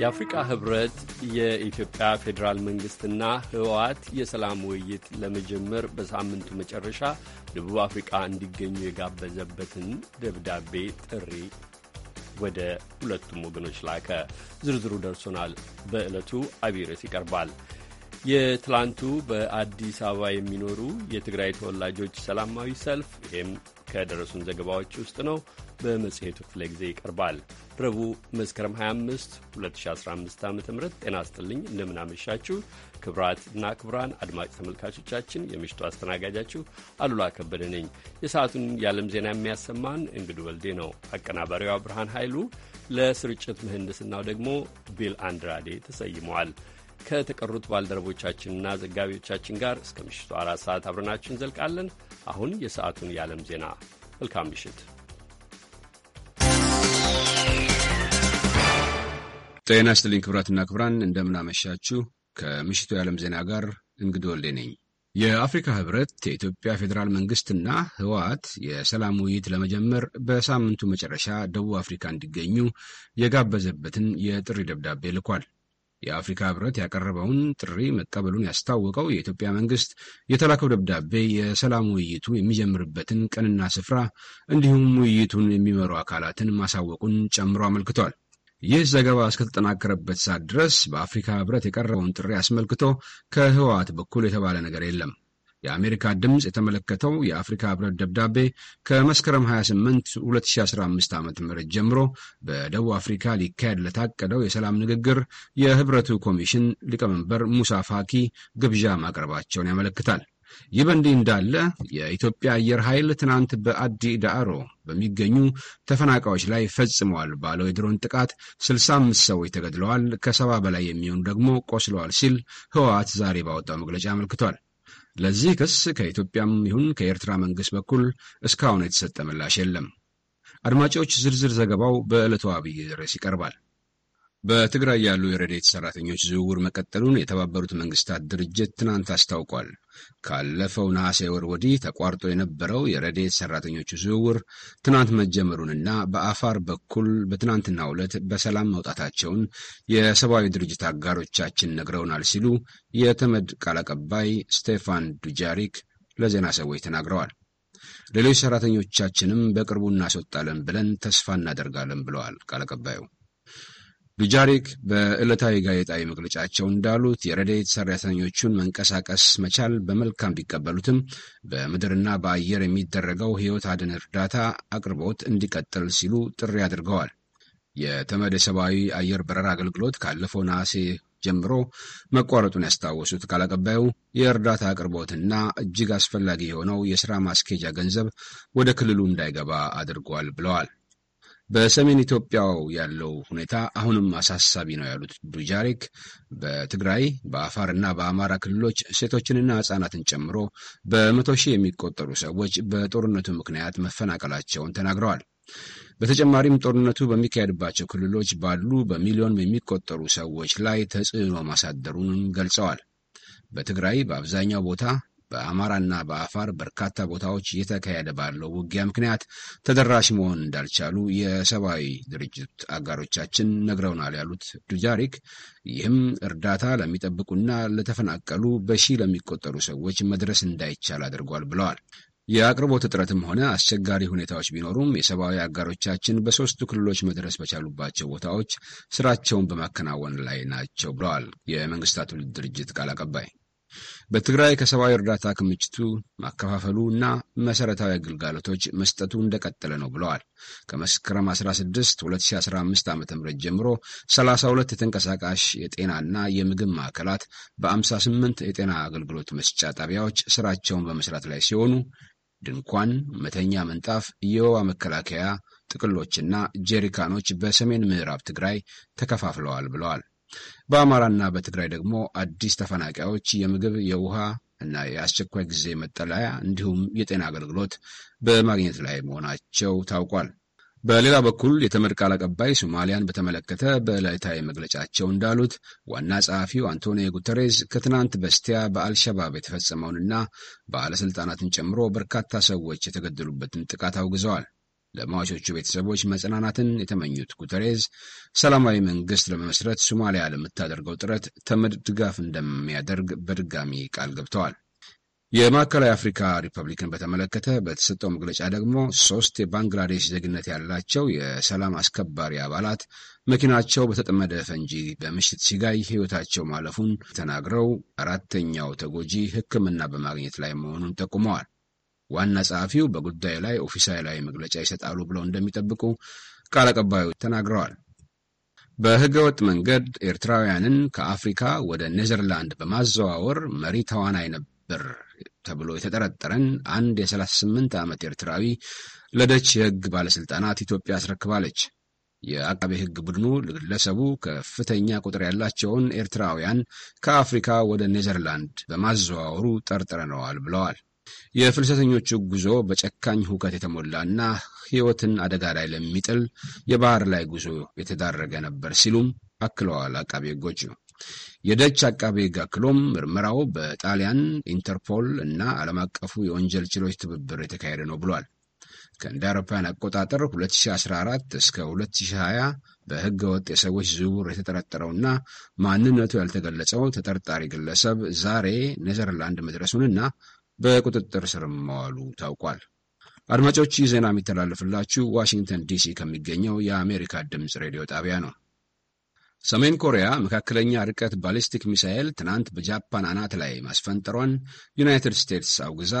የአፍሪቃ ህብረት የኢትዮጵያ ፌዴራል መንግስትና ህወሓት የሰላም ውይይት ለመጀመር በሳምንቱ መጨረሻ ደቡብ አፍሪቃ እንዲገኙ የጋበዘበትን ደብዳቤ ጥሪ ወደ ሁለቱም ወገኖች ላከ። ዝርዝሩ ደርሶናል። በዕለቱ አቢረስ ርዕስ ይቀርባል። የትላንቱ በአዲስ አበባ የሚኖሩ የትግራይ ተወላጆች ሰላማዊ ሰልፍ ይህም ከደረሱን ዘገባዎች ውስጥ ነው። በመጽሔቱ ክፍለ ጊዜ ይቀርባል። ረቡዕ መስከረም 25 2015 ዓ ም ጤና አስጥልኝ እንደምናመሻችሁ ክብራትና ክብራን አድማጭ ተመልካቾቻችን የምሽቱ አስተናጋጃችሁ አሉላ ከበደ ነኝ። የሰዓቱን የዓለም ዜና የሚያሰማን እንግዱ ወልዴ ነው። አቀናባሪዋ ብርሃን ኃይሉ፣ ለስርጭት ምህንድስናው ደግሞ ቢል አንድራዴ ተሰይመዋል። ከተቀሩት ባልደረቦቻችንና ዘጋቢዎቻችን ጋር እስከ ምሽቱ አራት ሰዓት አብረናችሁ እንዘልቃለን። አሁን የሰዓቱን የዓለም ዜና። መልካም ምሽት ጤና ይስጥልኝ ክቡራትና ክቡራን፣ እንደምናመሻችሁ። ከምሽቱ የዓለም ዜና ጋር እንግዲህ ወልዴ ነኝ። የአፍሪካ ህብረት የኢትዮጵያ ፌዴራል መንግስትና ህወሓት የሰላም ውይይት ለመጀመር በሳምንቱ መጨረሻ ደቡብ አፍሪካ እንዲገኙ የጋበዘበትን የጥሪ ደብዳቤ ልኳል። የአፍሪካ ህብረት ያቀረበውን ጥሪ መቀበሉን ያስታወቀው የኢትዮጵያ መንግስት የተላከው ደብዳቤ የሰላም ውይይቱ የሚጀምርበትን ቀንና ስፍራ እንዲሁም ውይይቱን የሚመሩ አካላትን ማሳወቁን ጨምሮ አመልክቷል። ይህ ዘገባ እስከተጠናከረበት ሰዓት ድረስ በአፍሪካ ህብረት የቀረበውን ጥሪ አስመልክቶ ከህወሓት በኩል የተባለ ነገር የለም። የአሜሪካ ድምፅ የተመለከተው የአፍሪካ ህብረት ደብዳቤ ከመስከረም 28 2015 ዓ ም ጀምሮ በደቡብ አፍሪካ ሊካሄድ ለታቀደው የሰላም ንግግር የህብረቱ ኮሚሽን ሊቀመንበር ሙሳ ፋኪ ግብዣ ማቅረባቸውን ያመለክታል። ይህ በእንዲህ እንዳለ የኢትዮጵያ አየር ኃይል ትናንት በአዲ ዳዕሮ በሚገኙ ተፈናቃዮች ላይ ፈጽመዋል ባለው የድሮን ጥቃት 65 ሰዎች ተገድለዋል፣ ከሰባ በላይ የሚሆኑ ደግሞ ቆስለዋል ሲል ህወሓት ዛሬ ባወጣው መግለጫ አመልክቷል። ለዚህ ክስ ከኢትዮጵያም ይሁን ከኤርትራ መንግሥት በኩል እስካሁን የተሰጠ ምላሽ የለም። አድማጮች፣ ዝርዝር ዘገባው በዕለቱ አብይ ርዕስ ይቀርባል። በትግራይ ያሉ የረዴት ሰራተኞች ዝውውር መቀጠሉን የተባበሩት መንግስታት ድርጅት ትናንት አስታውቋል። ካለፈው ነሐሴ ወር ወዲህ ተቋርጦ የነበረው የረዴት ሰራተኞቹ ዝውውር ትናንት መጀመሩንና በአፋር በኩል በትናንትና ዕለት በሰላም መውጣታቸውን የሰብአዊ ድርጅት አጋሮቻችን ነግረውናል ሲሉ የተመድ ቃል አቀባይ ስቴፋን ዱጃሪክ ለዜና ሰዎች ተናግረዋል። ሌሎች ሰራተኞቻችንም በቅርቡ እናስወጣለን ብለን ተስፋ እናደርጋለን ብለዋል ቃል አቀባዩ። ዱጃሪክ በዕለታዊ ጋዜጣዊ መግለጫቸው እንዳሉት የረድኤት ሰራተኞቹን መንቀሳቀስ መቻል በመልካም ቢቀበሉትም በምድርና በአየር የሚደረገው ሕይወት አድን እርዳታ አቅርቦት እንዲቀጥል ሲሉ ጥሪ አድርገዋል። የተመድ የሰብአዊ አየር በረራ አገልግሎት ካለፈው ነሐሴ ጀምሮ መቋረጡን ያስታወሱት ቃል አቀባዩ የእርዳታ አቅርቦትና እጅግ አስፈላጊ የሆነው የሥራ ማስኬጃ ገንዘብ ወደ ክልሉ እንዳይገባ አድርጓል ብለዋል። በሰሜን ኢትዮጵያው ያለው ሁኔታ አሁንም አሳሳቢ ነው ያሉት ዱጃሪክ በትግራይ በአፋርና በአማራ ክልሎች ሴቶችንና ህጻናትን ጨምሮ በመቶ ሺህ የሚቆጠሩ ሰዎች በጦርነቱ ምክንያት መፈናቀላቸውን ተናግረዋል። በተጨማሪም ጦርነቱ በሚካሄድባቸው ክልሎች ባሉ በሚሊዮን የሚቆጠሩ ሰዎች ላይ ተጽዕኖ ማሳደሩንም ገልጸዋል። በትግራይ በአብዛኛው ቦታ በአማራና በአፋር በርካታ ቦታዎች እየተካሄደ ባለው ውጊያ ምክንያት ተደራሽ መሆን እንዳልቻሉ የሰብአዊ ድርጅት አጋሮቻችን ነግረውናል ያሉት ዱጃሪክ ይህም እርዳታ ለሚጠብቁና ለተፈናቀሉ በሺህ ለሚቆጠሩ ሰዎች መድረስ እንዳይቻል አድርጓል ብለዋል። የአቅርቦት እጥረትም ሆነ አስቸጋሪ ሁኔታዎች ቢኖሩም የሰብአዊ አጋሮቻችን በሶስቱ ክልሎች መድረስ በቻሉባቸው ቦታዎች ስራቸውን በማከናወን ላይ ናቸው ብለዋል የመንግስታቱ ድርጅት ቃል አቀባይ። በትግራይ ከሰብአዊ እርዳታ ክምችቱ ማከፋፈሉ እና መሠረታዊ አገልጋሎቶች መስጠቱ እንደቀጠለ ነው ብለዋል። ከመስከረም 16 2015 ዓ ም ጀምሮ 32 የተንቀሳቃሽ የጤናና የምግብ ማዕከላት በ58 የጤና አገልግሎት መስጫ ጣቢያዎች ስራቸውን በመስራት ላይ ሲሆኑ ድንኳን፣ መተኛ ምንጣፍ፣ የወባ መከላከያ ጥቅሎችና ጄሪካኖች በሰሜን ምዕራብ ትግራይ ተከፋፍለዋል ብለዋል። በአማራና በትግራይ ደግሞ አዲስ ተፈናቃዮች የምግብ፣ የውሃ እና የአስቸኳይ ጊዜ መጠለያ እንዲሁም የጤና አገልግሎት በማግኘት ላይ መሆናቸው ታውቋል። በሌላ በኩል የተመድ ቃል አቀባይ ሶማሊያን በተመለከተ በዕለታዊ መግለጫቸው እንዳሉት ዋና ጸሐፊው አንቶኒዮ ጉተሬዝ ከትናንት በስቲያ በአልሸባብ የተፈጸመውንና ባለሥልጣናትን ጨምሮ በርካታ ሰዎች የተገደሉበትን ጥቃት አውግዘዋል። ለሟቾቹ ቤተሰቦች መጽናናትን የተመኙት ጉተሬዝ ሰላማዊ መንግስት ለመመስረት ሶማሊያ ለምታደርገው ጥረት ተመድ ድጋፍ እንደሚያደርግ በድጋሚ ቃል ገብተዋል። የማዕከላዊ አፍሪካ ሪፐብሊክን በተመለከተ በተሰጠው መግለጫ ደግሞ ሶስት የባንግላዴሽ ዜግነት ያላቸው የሰላም አስከባሪ አባላት መኪናቸው በተጠመደ ፈንጂ በምሽት ሲጋይ ሕይወታቸው ማለፉን ተናግረው አራተኛው ተጎጂ ሕክምና በማግኘት ላይ መሆኑን ጠቁመዋል። ዋና ጸሐፊው በጉዳዩ ላይ ኦፊሳላዊ መግለጫ ይሰጣሉ ብለው እንደሚጠብቁ ቃል አቀባዩ ተናግረዋል። በህገወጥ መንገድ ኤርትራውያንን ከአፍሪካ ወደ ኔዘርላንድ በማዘዋወር መሪ ተዋናይ ነበር ተብሎ የተጠረጠረን አንድ የ38 ዓመት ኤርትራዊ ለደች የህግ ባለሥልጣናት ኢትዮጵያ አስረክባለች። የአቃቤ ህግ ቡድኑ ግለሰቡ ከፍተኛ ቁጥር ያላቸውን ኤርትራውያን ከአፍሪካ ወደ ኔዘርላንድ በማዘዋወሩ ጠርጥረነዋል ብለዋል። የፍልሰተኞቹ ጉዞ በጨካኝ ሁከት የተሞላ እና ሕይወትን አደጋ ላይ ለሚጥል የባህር ላይ ጉዞ የተዳረገ ነበር ሲሉም አክለዋል አቃቤ ሕጎቹ። የደች አቃቤ ሕግ አክሎም ምርመራው በጣሊያን ኢንተርፖል እና ዓለም አቀፉ የወንጀል ችሎች ትብብር የተካሄደ ነው ብሏል። ከእንደ አውሮፓውያን አቆጣጠር 2014 እስከ 2020 በሕገ ወጥ የሰዎች ዝውውር የተጠረጠረውና ማንነቱ ያልተገለጸው ተጠርጣሪ ግለሰብ ዛሬ ኔዘርላንድ መድረሱንና በቁጥጥር ስር መዋሉ ታውቋል። አድማጮች ይህ ዜና የሚተላለፍላችሁ ዋሽንግተን ዲሲ ከሚገኘው የአሜሪካ ድምፅ ሬዲዮ ጣቢያ ነው። ሰሜን ኮሪያ መካከለኛ ርቀት ባሊስቲክ ሚሳኤል ትናንት በጃፓን አናት ላይ ማስፈንጠሯን ዩናይትድ ስቴትስ አውግዛ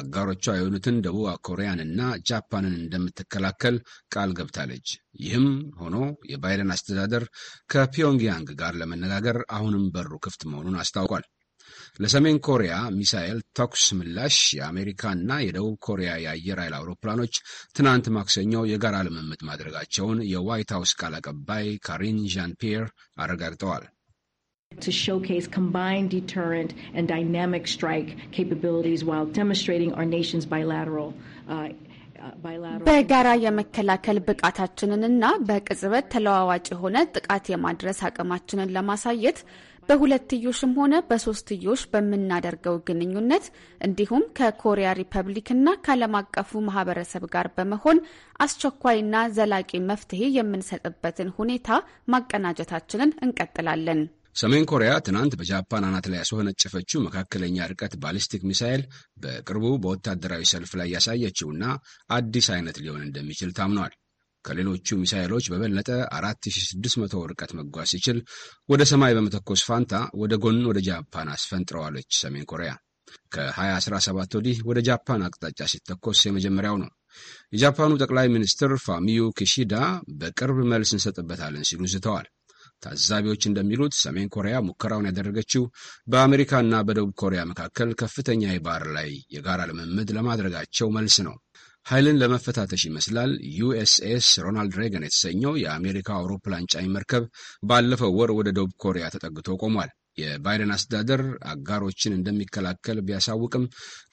አጋሮቿ የሆኑትን ደቡብ ኮሪያንና ጃፓንን እንደምትከላከል ቃል ገብታለች። ይህም ሆኖ የባይደን አስተዳደር ከፒዮንግያንግ ጋር ለመነጋገር አሁንም በሩ ክፍት መሆኑን አስታውቋል። ለሰሜን ኮሪያ ሚሳኤል ተኩስ ምላሽ የአሜሪካና የደቡብ ኮሪያ የአየር ኃይል አውሮፕላኖች ትናንት ማክሰኞ የጋራ ልምምድ ማድረጋቸውን የዋይት ሀውስ ቃል አቀባይ ካሪን ዣን ፒየር አረጋግጠዋል። to showcase combined deterrent and dynamic strike capabilities while demonstrating our nation's bilateral uh, በጋራ የመከላከል ብቃታችንንና በቅጽበት ተለዋዋጭ የሆነ ጥቃት የማድረስ አቅማችንን ለማሳየት በሁለትዮሽም ሆነ በሶስትዮሽ በምናደርገው ግንኙነት እንዲሁም ከኮሪያ ሪፐብሊክና ከዓለም አቀፉ ማህበረሰብ ጋር በመሆን አስቸኳይና ዘላቂ መፍትሄ የምንሰጥበትን ሁኔታ ማቀናጀታችንን እንቀጥላለን። ሰሜን ኮሪያ ትናንት በጃፓን አናት ላይ ያስወነጨፈችው መካከለኛ ርቀት ባሊስቲክ ሚሳይል በቅርቡ በወታደራዊ ሰልፍ ላይ ያሳየችውና አዲስ አይነት ሊሆን እንደሚችል ታምኗል። ከሌሎቹ ሚሳይሎች በበለጠ 4600 ርቀት መጓዝ ሲችል ወደ ሰማይ በመተኮስ ፋንታ ወደ ጎን ወደ ጃፓን አስፈንጥረዋለች ሰሜን ኮሪያ። ከ2017 ወዲህ ወደ ጃፓን አቅጣጫ ሲተኮስ የመጀመሪያው ነው። የጃፓኑ ጠቅላይ ሚኒስትር ፋሚዩ ኪሺዳ በቅርብ መልስ እንሰጥበታለን ሲሉ ዝተዋል። ታዛቢዎች እንደሚሉት ሰሜን ኮሪያ ሙከራውን ያደረገችው በአሜሪካና በደቡብ ኮሪያ መካከል ከፍተኛ የባህር ላይ የጋራ ልምምድ ለማድረጋቸው መልስ ነው። ኃይልን ለመፈታተሽ ይመስላል ዩኤስኤስ ሮናልድ ሬገን የተሰኘው የአሜሪካ አውሮፕላን ጫኝ መርከብ ባለፈው ወር ወደ ደቡብ ኮሪያ ተጠግቶ ቆሟል። የባይደን አስተዳደር አጋሮችን እንደሚከላከል ቢያሳውቅም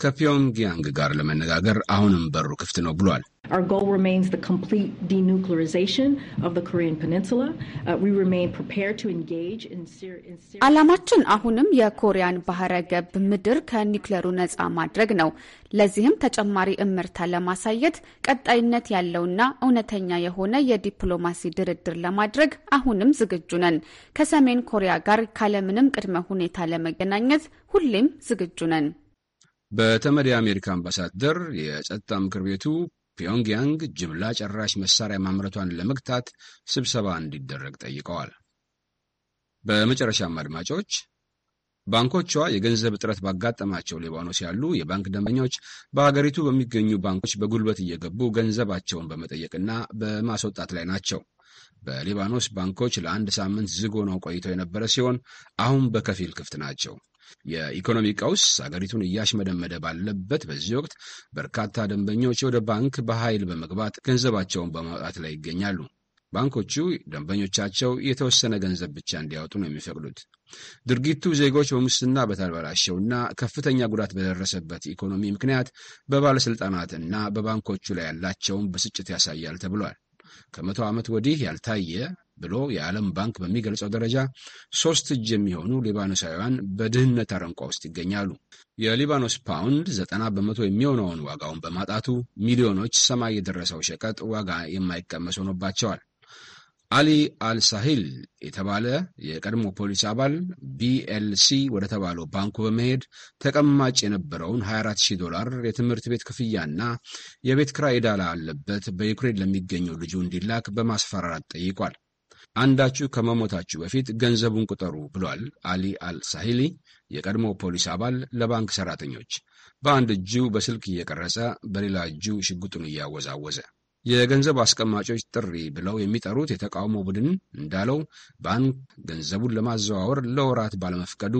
ከፒዮንግያንግ ጋር ለመነጋገር አሁንም በሩ ክፍት ነው ብሏል። Our goal remains the complete denuclearization of the Korean Peninsula. Uh, we remain prepared to engage in Syria. ዓላማችን አሁንም የኮሪያን ባህረ ገብ ምድር ከኒክለሩ ነፃ ማድረግ ነው። ለዚህም ተጨማሪ እምርታ ለማሳየት ቀጣይነት ያለውና እውነተኛ የሆነ የዲፕሎማሲ ድርድር ለማድረግ አሁንም ዝግጁ ነን። ከሰሜን ኮሪያ ጋር ካለምንም ቅድመ ሁኔታ ለመገናኘት ሁሌም ዝግጁ ነን። በተመድ የአሜሪካ አምባሳደር የጸጥታ ምክር ቤቱ ፒዮንግያንግ ጅምላ ጨራሽ መሳሪያ ማምረቷን ለመግታት ስብሰባ እንዲደረግ ጠይቀዋል። በመጨረሻም አድማጮች ባንኮቿ የገንዘብ እጥረት ባጋጠማቸው ሊባኖስ ያሉ የባንክ ደንበኞች በሀገሪቱ በሚገኙ ባንኮች በጉልበት እየገቡ ገንዘባቸውን በመጠየቅና በማስወጣት ላይ ናቸው። በሊባኖስ ባንኮች ለአንድ ሳምንት ዝግ ሆነው ቆይተው የነበረ ሲሆን አሁን በከፊል ክፍት ናቸው። የኢኮኖሚ ቀውስ አገሪቱን እያሽመደመደ ባለበት በዚህ ወቅት በርካታ ደንበኞች ወደ ባንክ በኃይል በመግባት ገንዘባቸውን በማውጣት ላይ ይገኛሉ። ባንኮቹ ደንበኞቻቸው የተወሰነ ገንዘብ ብቻ እንዲያወጡ ነው የሚፈቅዱት። ድርጊቱ ዜጎች በሙስና በተበላሸውና ከፍተኛ ጉዳት በደረሰበት ኢኮኖሚ ምክንያት በባለሥልጣናት እና በባንኮቹ ላይ ያላቸውን ብስጭት ያሳያል ተብሏል። ከመቶ ዓመት ወዲህ ያልታየ ብሎ የዓለም ባንክ በሚገልጸው ደረጃ ሶስት እጅ የሚሆኑ ሊባኖሳውያን በድህነት አረንቋ ውስጥ ይገኛሉ። የሊባኖስ ፓውንድ ዘጠና በመቶ የሚሆነውን ዋጋውን በማጣቱ ሚሊዮኖች ሰማይ የደረሰው ሸቀጥ ዋጋ የማይቀመስ ሆኖባቸዋል። አሊ አልሳሂል የተባለ የቀድሞ ፖሊስ አባል ቢኤልሲ ወደ ተባለው ባንኩ በመሄድ ተቀማጭ የነበረውን 240 ዶላር የትምህርት ቤት ክፍያና የቤት ክራይ ዕዳ አለበት በዩክሬን ለሚገኘው ልጁ እንዲላክ በማስፈራራት ጠይቋል። አንዳችሁ ከመሞታችሁ በፊት ገንዘቡን ቁጠሩ ብሏል አሊ አልሳሂሊ የቀድሞ ፖሊስ አባል ለባንክ ሰራተኞች። በአንድ እጁ በስልክ እየቀረጸ በሌላ እጁ ሽጉጡን እያወዛወዘ የገንዘብ አስቀማጮች ጥሪ ብለው የሚጠሩት የተቃውሞ ቡድን እንዳለው ባንክ ገንዘቡን ለማዘዋወር ለወራት ባለመፍቀዱ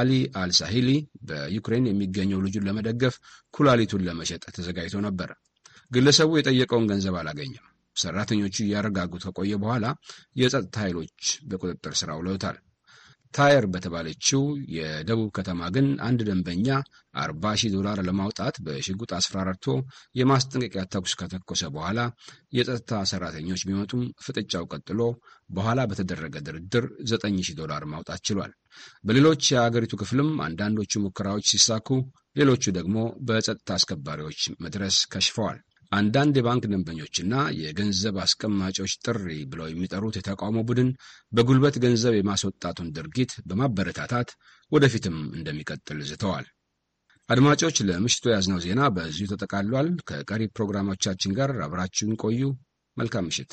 አሊ አልሳሂሊ በዩክሬን የሚገኘው ልጁን ለመደገፍ ኩላሊቱን ለመሸጥ ተዘጋጅቶ ነበር። ግለሰቡ የጠየቀውን ገንዘብ አላገኘም። ሰራተኞቹ እያረጋጉ ከቆየ በኋላ የጸጥታ ኃይሎች በቁጥጥር ስር አውለውታል። ታየር በተባለችው የደቡብ ከተማ ግን አንድ ደንበኛ 40 ሺህ ዶላር ለማውጣት በሽጉጥ አስፈራርቶ የማስጠንቀቂያ ተኩስ ከተኮሰ በኋላ የጸጥታ ሰራተኞች ቢመጡም ፍጥጫው ቀጥሎ በኋላ በተደረገ ድርድር 9 ሺህ ዶላር ማውጣት ችሏል። በሌሎች የአገሪቱ ክፍልም አንዳንዶቹ ሙከራዎች ሲሳኩ፣ ሌሎቹ ደግሞ በጸጥታ አስከባሪዎች መድረስ ከሽፈዋል። አንዳንድ የባንክ ደንበኞችና የገንዘብ አስቀማጮች ጥሪ ብለው የሚጠሩት የተቃውሞ ቡድን በጉልበት ገንዘብ የማስወጣቱን ድርጊት በማበረታታት ወደፊትም እንደሚቀጥል ዝተዋል። አድማጮች፣ ለምሽቱ የያዝነው ዜና በዚሁ ተጠቃሏል። ከቀሪ ፕሮግራሞቻችን ጋር አብራችሁን ቆዩ። መልካም ምሽት።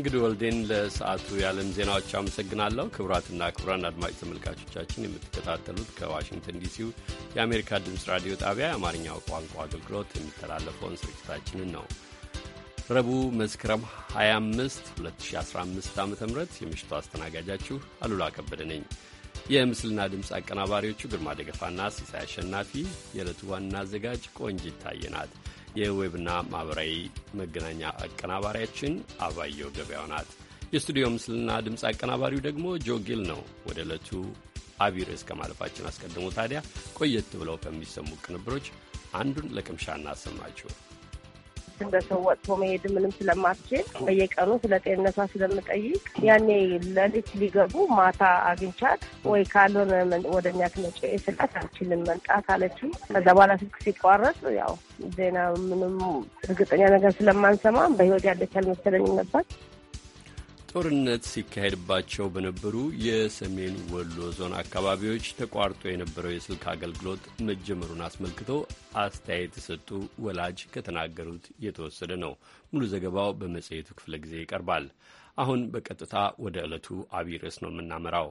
እንግዲህ ወልዴን ለሰዓቱ የዓለም ዜናዎች አመሰግናለሁ። ክቡራትና ክቡራን አድማጭ ተመልካቾቻችን የምትከታተሉት ከዋሽንግተን ዲሲው የአሜሪካ ድምፅ ራዲዮ ጣቢያ የአማርኛው ቋንቋ አገልግሎት የሚተላለፈውን ስርጭታችንን ነው። ረቡዕ መስከረም 25 2015 ዓ ም የምሽቱ አስተናጋጃችሁ አሉላ ከበደ ነኝ። የምስልና ድምፅ አቀናባሪዎቹ ግርማ ደገፋና ሲሳይ አሸናፊ፣ የዕለቱ ዋና አዘጋጅ ቆንጅ ይታየናል። የዌብና ማኅበራዊ መገናኛ አቀናባሪያችን አባየው ገበያው ናት። የስቱዲዮ ምስልና ድምፅ አቀናባሪው ደግሞ ጆጌል ነው። ወደ ዕለቱ አብይ ርዕስ ከማለፋችን አስቀድሞ ታዲያ ቆየት ብለው ከሚሰሙ ቅንብሮች አንዱን ለቅምሻ እናሰማችሁ። እንደ ሰው ወጥቶ መሄድ ምንም ስለማትችል በየቀኑ ስለ ጤንነቷ ስለምጠይቅ ያኔ ለሊት ሊገቡ ማታ አግኝቻት ወይ ካልሆነ ወደ እኛ ትመጪ ስላት አልችልም መምጣት አለችው። ከዛ በኋላ ስልክ ሲቋረጥ ያው ዜና ምንም እርግጠኛ ነገር ስለማንሰማ በህይወት ያለች አልመሰለኝም ነበር። ጦርነት ሲካሄድባቸው በነበሩ የሰሜን ወሎ ዞን አካባቢዎች ተቋርጦ የነበረው የስልክ አገልግሎት መጀመሩን አስመልክቶ አስተያየት የሰጡ ወላጅ ከተናገሩት የተወሰደ ነው። ሙሉ ዘገባው በመጽሔቱ ክፍለ ጊዜ ይቀርባል። አሁን በቀጥታ ወደ ዕለቱ አብይ ርዕስ ነው የምናመራው።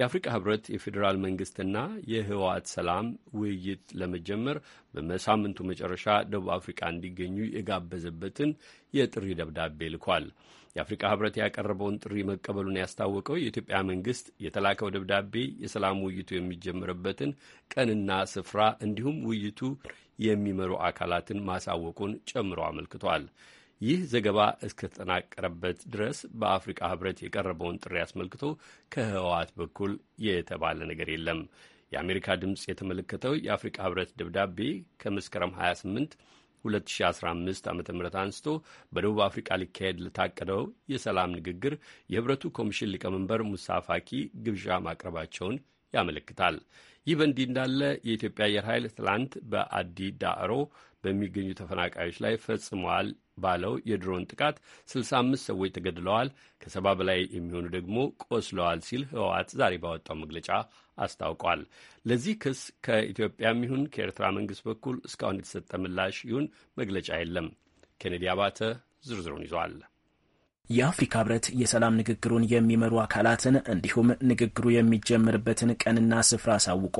የአፍሪካ ህብረት የፌዴራል መንግስትና የህወሓት ሰላም ውይይት ለመጀመር በሳምንቱ መጨረሻ ደቡብ አፍሪካ እንዲገኙ የጋበዘበትን የጥሪ ደብዳቤ ልኳል። የአፍሪካ ህብረት ያቀረበውን ጥሪ መቀበሉን ያስታወቀው የኢትዮጵያ መንግስት የተላከው ደብዳቤ የሰላም ውይይቱ የሚጀምርበትን ቀንና ስፍራ እንዲሁም ውይይቱ የሚመሩ አካላትን ማሳወቁን ጨምሮ አመልክቷል። ይህ ዘገባ እስከተጠናቀረበት ድረስ በአፍሪካ ህብረት የቀረበውን ጥሪ አስመልክቶ ከህወሓት በኩል የተባለ ነገር የለም። የአሜሪካ ድምፅ የተመለከተው የአፍሪካ ህብረት ደብዳቤ ከመስከረም 28 2015 ዓ ም አንስቶ በደቡብ አፍሪካ ሊካሄድ ለታቀደው የሰላም ንግግር የህብረቱ ኮሚሽን ሊቀመንበር ሙሳ ፋኪ ግብዣ ማቅረባቸውን ያመለክታል። ይህ በእንዲህ እንዳለ የኢትዮጵያ አየር ኃይል ትላንት በአዲ ዳዕሮ በሚገኙ ተፈናቃዮች ላይ ፈጽመዋል ባለው የድሮን ጥቃት 65 ሰዎች ተገድለዋል፣ ከሰባ በላይ የሚሆኑ ደግሞ ቆስለዋል ሲል ህወሓት ዛሬ ባወጣው መግለጫ አስታውቋል። ለዚህ ክስ ከኢትዮጵያም ይሁን ከኤርትራ መንግስት በኩል እስካሁን የተሰጠ ምላሽ ይሁን መግለጫ የለም። ኬኔዲ አባተ ዝርዝሩን ይዟል። የአፍሪካ ህብረት የሰላም ንግግሩን የሚመሩ አካላትን እንዲሁም ንግግሩ የሚጀምርበትን ቀንና ስፍራ አሳውቆ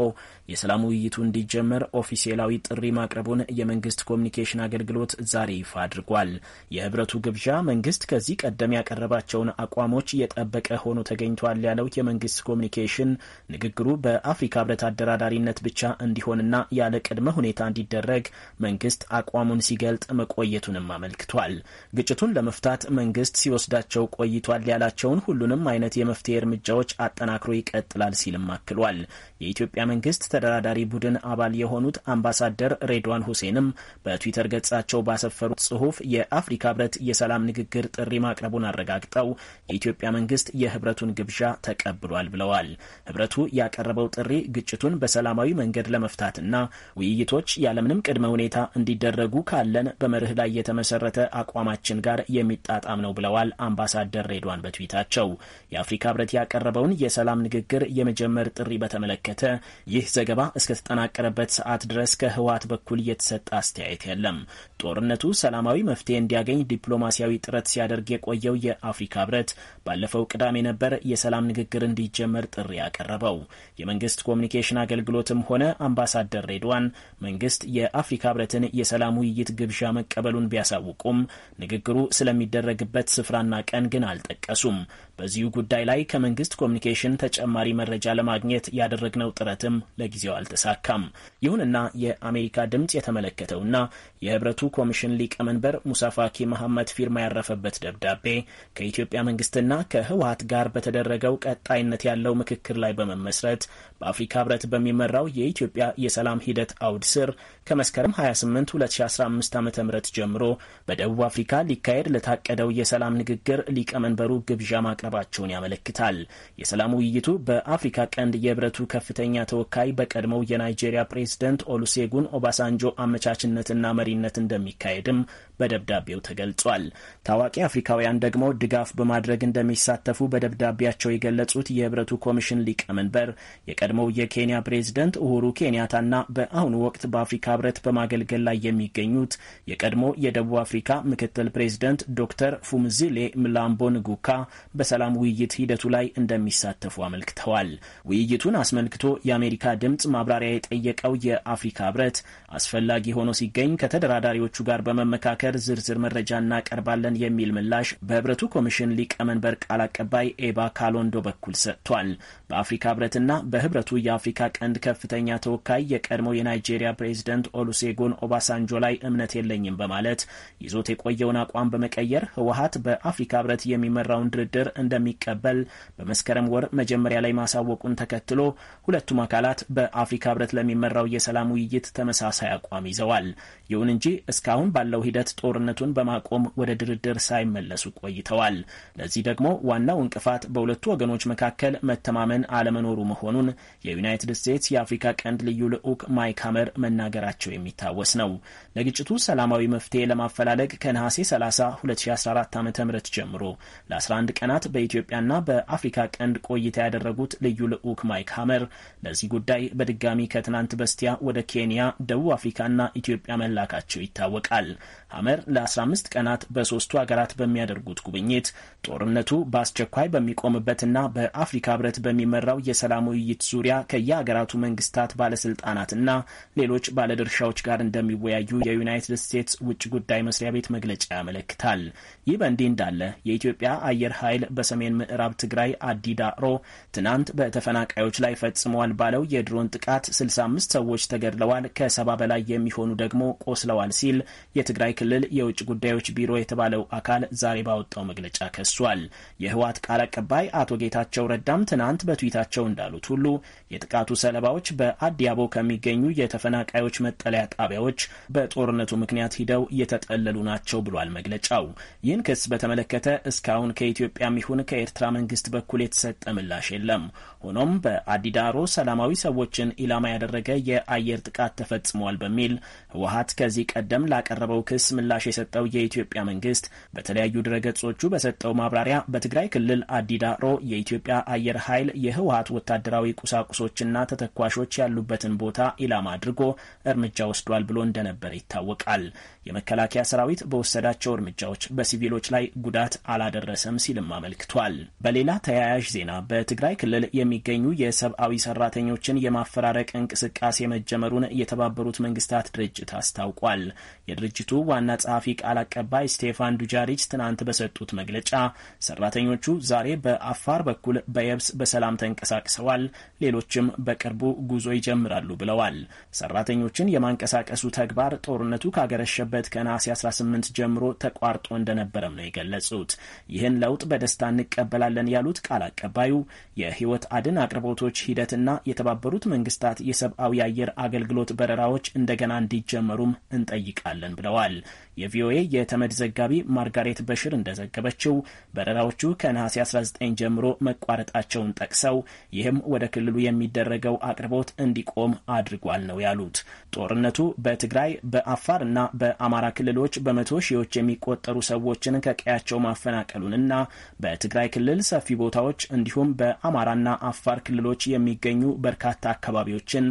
የሰላም ውይይቱ እንዲጀመር ኦፊሴላዊ ጥሪ ማቅረቡን የመንግስት ኮሚኒኬሽን አገልግሎት ዛሬ ይፋ አድርጓል። የህብረቱ ግብዣ መንግስት ከዚህ ቀደም ያቀረባቸውን አቋሞች የጠበቀ ሆኖ ተገኝቷል ያለው የመንግስት ኮሚኒኬሽን ንግግሩ በአፍሪካ ህብረት አደራዳሪነት ብቻ እንዲሆንና ያለ ቅድመ ሁኔታ እንዲደረግ መንግስት አቋሙን ሲገልጥ መቆየቱንም አመልክቷል። ግጭቱን ለመፍታት መንግስት ሲወ ሲወስዳቸው ቆይቷል ያላቸውን ሁሉንም አይነት የመፍትሄ እርምጃዎች አጠናክሮ ይቀጥላል ሲልም አክሏል። የኢትዮጵያ መንግስት ተደራዳሪ ቡድን አባል የሆኑት አምባሳደር ሬድዋን ሁሴንም በትዊተር ገጻቸው ባሰፈሩት ጽሁፍ የአፍሪካ ህብረት የሰላም ንግግር ጥሪ ማቅረቡን አረጋግጠው የኢትዮጵያ መንግስት የህብረቱን ግብዣ ተቀብሏል ብለዋል። ህብረቱ ያቀረበው ጥሪ ግጭቱን በሰላማዊ መንገድ ለመፍታትና ውይይቶች ያለምንም ቅድመ ሁኔታ እንዲደረጉ ካለን በመርህ ላይ የተመሰረተ አቋማችን ጋር የሚጣጣም ነው ብለዋል። ብለዋል አምባሳደር ሬድዋን በትዊታቸው። የአፍሪካ ህብረት ያቀረበውን የሰላም ንግግር የመጀመር ጥሪ በተመለከተ ይህ ዘገባ እስከተጠናቀረበት ሰዓት ድረስ ከህወሓት በኩል የተሰጠ አስተያየት የለም። ጦርነቱ ሰላማዊ መፍትሄ እንዲያገኝ ዲፕሎማሲያዊ ጥረት ሲያደርግ የቆየው የአፍሪካ ህብረት ባለፈው ቅዳሜ ነበር የሰላም ንግግር እንዲጀመር ጥሪ ያቀረበው። የመንግስት ኮሚኒኬሽን አገልግሎትም ሆነ አምባሳደር ሬድዋን መንግስት የአፍሪካ ህብረትን የሰላም ውይይት ግብዣ መቀበሉን ቢያሳውቁም ንግግሩ ስለሚደረግበት ስፍራ ስፍራና ቀን ግን አልጠቀሱም። በዚሁ ጉዳይ ላይ ከመንግስት ኮሚኒኬሽን ተጨማሪ መረጃ ለማግኘት ያደረግነው ጥረትም ለጊዜው አልተሳካም። ይሁንና የአሜሪካ ድምፅ የተመለከተውና የህብረቱ ኮሚሽን ሊቀመንበር ሙሳፋኪ መሐመድ ፊርማ ያረፈበት ደብዳቤ ከኢትዮጵያ መንግስትና ከህወሀት ጋር በተደረገው ቀጣይነት ያለው ምክክር ላይ በመመስረት በአፍሪካ ህብረት በሚመራው የኢትዮጵያ የሰላም ሂደት አውድ ስር ከመስከረም 28 2015 ዓ ም ጀምሮ በደቡብ አፍሪካ ሊካሄድ ለታቀደው የሰላም ንግግር ሊቀመንበሩ ግብዣ ማቅረብ መረከባቸውን ያመለክታል። የሰላም ውይይቱ በአፍሪካ ቀንድ የህብረቱ ከፍተኛ ተወካይ በቀድሞው የናይጄሪያ ፕሬዝደንት ኦሉሴጉን ኦባሳንጆ አመቻችነትና መሪነት እንደሚካሄድም በደብዳቤው ተገልጿል። ታዋቂ አፍሪካውያን ደግሞ ድጋፍ በማድረግ እንደሚሳተፉ በደብዳቤያቸው የገለጹት የህብረቱ ኮሚሽን ሊቀመንበር የቀድሞው የኬንያ ፕሬዝደንት ኡሁሩ ኬንያታና በአሁኑ ወቅት በአፍሪካ ህብረት በማገልገል ላይ የሚገኙት የቀድሞ የደቡብ አፍሪካ ምክትል ፕሬዝደንት ዶክተር ፉምዚሌ ምላምቦ ንጉካ በሰላም ውይይት ሂደቱ ላይ እንደሚሳተፉ አመልክተዋል። ውይይቱን አስመልክቶ የአሜሪካ ድምፅ ማብራሪያ የጠየቀው የአፍሪካ ህብረት አስፈላጊ ሆኖ ሲገኝ ከተደራዳሪዎቹ ጋር በመመካከል በመምከር ዝርዝር መረጃ እናቀርባለን የሚል ምላሽ በህብረቱ ኮሚሽን ሊቀመንበር ቃል አቀባይ ኤባ ካሎንዶ በኩል ሰጥቷል። በአፍሪካ ህብረትና በህብረቱ የአፍሪካ ቀንድ ከፍተኛ ተወካይ የቀድሞ የናይጄሪያ ፕሬዚደንት ኦሉሴጎን ኦባሳንጆ ላይ እምነት የለኝም በማለት ይዞት የቆየውን አቋም በመቀየር ህወሀት በአፍሪካ ህብረት የሚመራውን ድርድር እንደሚቀበል በመስከረም ወር መጀመሪያ ላይ ማሳወቁን ተከትሎ ሁለቱም አካላት በአፍሪካ ህብረት ለሚመራው የሰላም ውይይት ተመሳሳይ አቋም ይዘዋል። ይሁን እንጂ እስካሁን ባለው ሂደት ጦርነቱን በማቆም ወደ ድርድር ሳይመለሱ ቆይተዋል። ለዚህ ደግሞ ዋናው እንቅፋት በሁለቱ ወገኖች መካከል መተማመን አለመኖሩ መሆኑን የዩናይትድ ስቴትስ የአፍሪካ ቀንድ ልዩ ልዑክ ማይክ ሀመር መናገራቸው የሚታወስ ነው። ለግጭቱ ሰላማዊ መፍትሄ ለማፈላለግ ከነሐሴ 30 2014 ዓ ም ጀምሮ ለ11 ቀናት በኢትዮጵያና በአፍሪካ ቀንድ ቆይታ ያደረጉት ልዩ ልዑክ ማይክ ሀመር ለዚህ ጉዳይ በድጋሚ ከትናንት በስቲያ ወደ ኬንያ፣ ደቡብ አፍሪካና ኢትዮጵያ መላካቸው ይታወቃል። በማስመር ለ15 ቀናት በሶስቱ ሀገራት በሚያደርጉት ጉብኝት ጦርነቱ በአስቸኳይ በሚቆምበትና በአፍሪካ ህብረት በሚመራው የሰላም ውይይት ዙሪያ ከየሀገራቱ መንግስታት ባለስልጣናትና ሌሎች ባለድርሻዎች ጋር እንደሚወያዩ የዩናይትድ ስቴትስ ውጭ ጉዳይ መስሪያ ቤት መግለጫ ያመለክታል። ይህ በእንዲህ እንዳለ የኢትዮጵያ አየር ኃይል በሰሜን ምዕራብ ትግራይ አዲዳሮ ትናንት በተፈናቃዮች ላይ ፈጽመዋል ባለው የድሮን ጥቃት 65 ሰዎች ተገድለዋል፣ ከሰባ በላይ የሚሆኑ ደግሞ ቆስለዋል ሲል የትግራይ ክልል ክልል የውጭ ጉዳዮች ቢሮ የተባለው አካል ዛሬ ባወጣው መግለጫ ከሷል። የህወሓት ቃል አቀባይ አቶ ጌታቸው ረዳም ትናንት በትዊታቸው እንዳሉት ሁሉ የጥቃቱ ሰለባዎች በአዲያቦ ከሚገኙ የተፈናቃዮች መጠለያ ጣቢያዎች በጦርነቱ ምክንያት ሂደው የተጠለሉ ናቸው ብሏል መግለጫው። ይህን ክስ በተመለከተ እስካሁን ከኢትዮጵያም ይሁን ከኤርትራ መንግስት በኩል የተሰጠ ምላሽ የለም። ሆኖም በአዲዳሮ ሰላማዊ ሰዎችን ኢላማ ያደረገ የአየር ጥቃት ተፈጽሟል በሚል ህወሓት ከዚህ ቀደም ላቀረበው ክስ ምላሽ የሰጠው የኢትዮጵያ መንግስት በተለያዩ ድረገጾቹ በሰጠው ማብራሪያ በትግራይ ክልል አዲዳሮ የኢትዮጵያ አየር ኃይል የህወሀት ወታደራዊ ቁሳቁሶችና ተተኳሾች ያሉበትን ቦታ ኢላማ አድርጎ እርምጃ ወስዷል ብሎ እንደነበረ ይታወቃል። የመከላከያ ሰራዊት በወሰዳቸው እርምጃዎች በሲቪሎች ላይ ጉዳት አላደረሰም ሲልም አመልክቷል። በሌላ ተያያዥ ዜና በትግራይ ክልል የሚገኙ የሰብአዊ ሰራተኞችን የማፈራረቅ እንቅስቃሴ መጀመሩን የተባበሩት መንግስታት ድርጅት አስታውቋል። የድርጅቱ ዋና ዋና ጸሐፊ ቃል አቀባይ ስቴፋን ዱጃሪች ትናንት በሰጡት መግለጫ ሰራተኞቹ ዛሬ በአፋር በኩል በየብስ በሰላም ተንቀሳቅሰዋል፣ ሌሎችም በቅርቡ ጉዞ ይጀምራሉ ብለዋል። ሰራተኞችን የማንቀሳቀሱ ተግባር ጦርነቱ ካገረሸበት ከነሐሴ 18 ጀምሮ ተቋርጦ እንደነበረም ነው የገለጹት። ይህን ለውጥ በደስታ እንቀበላለን ያሉት ቃል አቀባዩ የህይወት አድን አቅርቦቶች ሂደትና የተባበሩት መንግስታት የሰብአዊ አየር አገልግሎት በረራዎች እንደገና እንዲጀመሩም እንጠይቃለን ብለዋል። የቪኦኤ የተመድ ዘጋቢ ማርጋሬት በሽር እንደዘገበችው በረራዎቹ ከነሐሴ 19 ጀምሮ መቋረጣቸውን ጠቅሰው ይህም ወደ ክልሉ የሚደረገው አቅርቦት እንዲቆም አድርጓል ነው ያሉት። ጦርነቱ በትግራይ በአፋር በአማራ ክልሎች በመቶ ሺዎች የሚቆጠሩ ሰዎችን ከቀያቸው ማፈናቀሉንና በትግራይ ክልል ሰፊ ቦታዎች እንዲሁም በአማራና አፋር ክልሎች የሚገኙ በርካታ አካባቢዎችን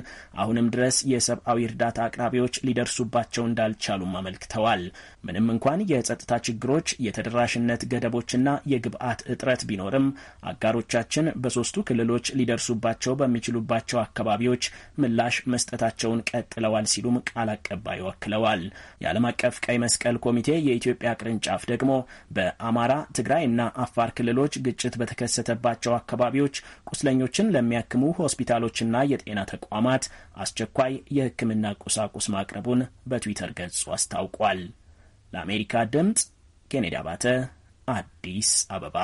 አሁንም ድረስ የሰብአዊ እርዳታ አቅራቢዎች ሊደርሱባቸው እንዳልቻሉም አመልክተዋል። ምንም እንኳን የጸጥታ ችግሮች፣ የተደራሽነት ገደቦችና የግብአት እጥረት ቢኖርም አጋሮቻችን በሶስቱ ክልሎች ሊደርሱባቸው በሚችሉባቸው አካባቢዎች ምላሽ መስጠታቸውን ቀጥለዋል ሲሉም ቃል አቀባዩ ወክለዋል። የዓለም አቀፍ ቀይ መስቀል ኮሚቴ የኢትዮጵያ ቅርንጫፍ ደግሞ በአማራ ትግራይና አፋር ክልሎች ግጭት በተከሰተባቸው አካባቢዎች ቁስለኞችን ለሚያክሙ ሆስፒታሎችና የጤና ተቋማት አስቸኳይ የሕክምና ቁሳቁስ ማቅረቡን በትዊተር ገጹ አስታውቋል። ለአሜሪካ ድምፅ ኬኔዲ አባተ አዲስ አበባ።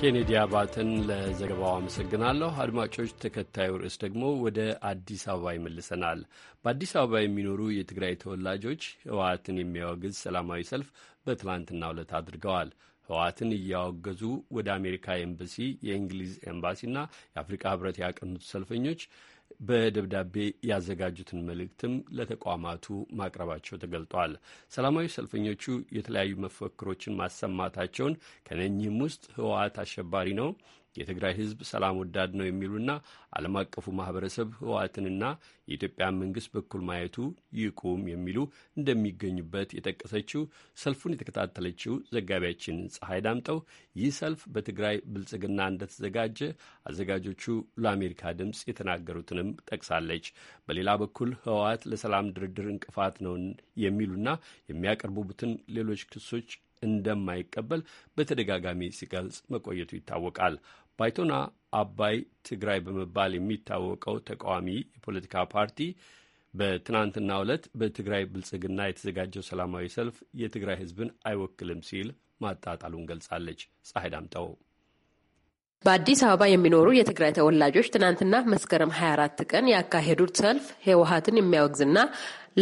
ኬኔዲ አባተን ለዘገባው አመሰግናለሁ። አድማጮች፣ ተከታዩ ርዕስ ደግሞ ወደ አዲስ አበባ ይመልሰናል። በአዲስ አበባ የሚኖሩ የትግራይ ተወላጆች ህወሓትን የሚያወግዝ ሰላማዊ ሰልፍ በትላንትናው ዕለት አድርገዋል። ህወሓትን እያወገዙ ወደ አሜሪካ ኤምባሲ፣ የእንግሊዝ ኤምባሲና የአፍሪካ ህብረት ያቀኑት ሰልፈኞች በደብዳቤ ያዘጋጁትን መልእክትም ለተቋማቱ ማቅረባቸው ተገልጧል። ሰላማዊ ሰልፈኞቹ የተለያዩ መፈክሮችን ማሰማታቸውን ከነኚህም ውስጥ ህወሓት አሸባሪ ነው፣ የትግራይ ህዝብ ሰላም ወዳድ ነው የሚሉና ዓለም አቀፉ ማህበረሰብ ህወሓትንና የኢትዮጵያ መንግስት በኩል ማየቱ ይቁም የሚሉ እንደሚገኙበት የጠቀሰችው ሰልፉን የተከታተለችው ዘጋቢያችን ፀሐይ ዳምጠው ይህ ሰልፍ በትግራይ ብልጽግና እንደተዘጋጀ አዘጋጆቹ ለአሜሪካ ድምፅ የተናገሩትንም ጠቅሳለች። በሌላ በኩል ህወሓት ለሰላም ድርድር እንቅፋት ነው የሚሉና የሚያቀርቡትን ሌሎች ክሶች እንደማይቀበል በተደጋጋሚ ሲገልጽ መቆየቱ ይታወቃል። ባይቶና አባይ ትግራይ በመባል የሚታወቀው ተቃዋሚ የፖለቲካ ፓርቲ በትናንትናው ዕለት በትግራይ ብልጽግና የተዘጋጀው ሰላማዊ ሰልፍ የትግራይ ሕዝብን አይወክልም ሲል ማጣጣሉን ገልጻለች። ፀሐይ ዳምጠው በአዲስ አበባ የሚኖሩ የትግራይ ተወላጆች ትናንትና መስከረም 24 ቀን ያካሄዱት ሰልፍ ህወሀትን የሚያወግዝና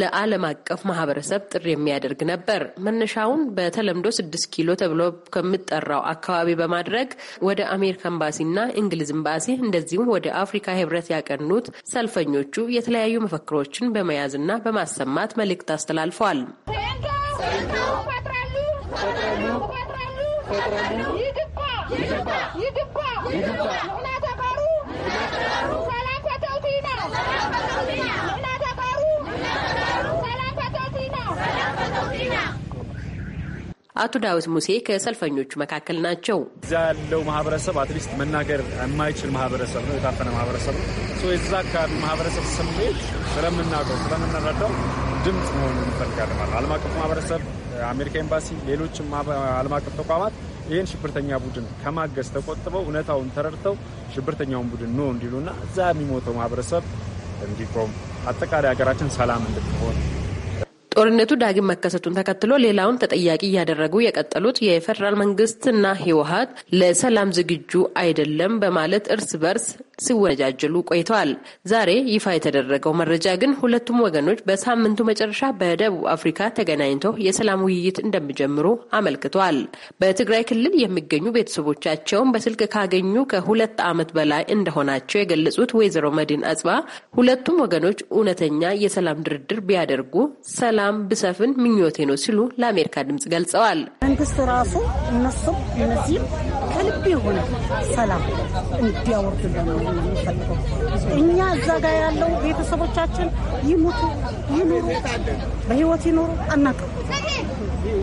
ለዓለም አቀፍ ማህበረሰብ ጥሪ የሚያደርግ ነበር። መነሻውን በተለምዶ ስድስት ኪሎ ተብሎ ከሚጠራው አካባቢ በማድረግ ወደ አሜሪካ ኤምባሲና እንግሊዝ ኤምባሲ እንደዚሁም ወደ አፍሪካ ህብረት ያቀኑት ሰልፈኞቹ የተለያዩ መፈክሮችን በመያዝና በማሰማት መልእክት አስተላልፈዋል። ይገባ አቶ ዳዊት ሙሴ ከሰልፈኞቹ መካከል ናቸው። እዚያ ያለው ማህበረሰብ አትሊስት መናገር የማይችል ማህበረሰብ ነው፣ የታፈነ ማህበረሰብ ነው። የዛ አካባቢ ማህበረሰብ ስሜት ስለምናውቀው ስለምንረዳው ድምፅ መሆኑን እንፈልጋለን። ዓለም አቀፍ ማህበረሰብ፣ አሜሪካ ኤምባሲ፣ ሌሎችም ዓለም አቀፍ ተቋማት ይህን ሽብርተኛ ቡድን ከማገዝ ተቆጥበው እውነታውን ተረድተው ሽብርተኛውን ቡድን ኖ እንዲሉና እዛ የሚሞተው ማህበረሰብ እንዲቆም አጠቃላይ ሀገራችን ሰላም እንድትሆን ጦርነቱ ዳግም መከሰቱን ተከትሎ ሌላውን ተጠያቂ እያደረጉ የቀጠሉት የፌዴራል መንግስትና ህወሀት ለሰላም ዝግጁ አይደለም በማለት እርስ በርስ ሲወነጃጀሉ ቆይተዋል። ዛሬ ይፋ የተደረገው መረጃ ግን ሁለቱም ወገኖች በሳምንቱ መጨረሻ በደቡብ አፍሪካ ተገናኝተው የሰላም ውይይት እንደሚጀምሩ አመልክቷል። በትግራይ ክልል የሚገኙ ቤተሰቦቻቸውን በስልክ ካገኙ ከሁለት ዓመት በላይ እንደሆናቸው የገለጹት ወይዘሮ መዲን አጽባ ሁለቱም ወገኖች እውነተኛ የሰላም ድርድር ቢያደርጉ ሰላም ሰላም ብሰፍን ምኞቴ ነው ሲሉ ለአሜሪካ ድምጽ ገልጸዋል። መንግስት ራሱ እነሱም እነዚህም ከልብ የሆነ ሰላም እንዲያወርዱ ነው እኛ እዛ ጋር ያለው ቤተሰቦቻችን ይሙቱ ይኑሩ በህይወት ይኖሩ አናውቅም።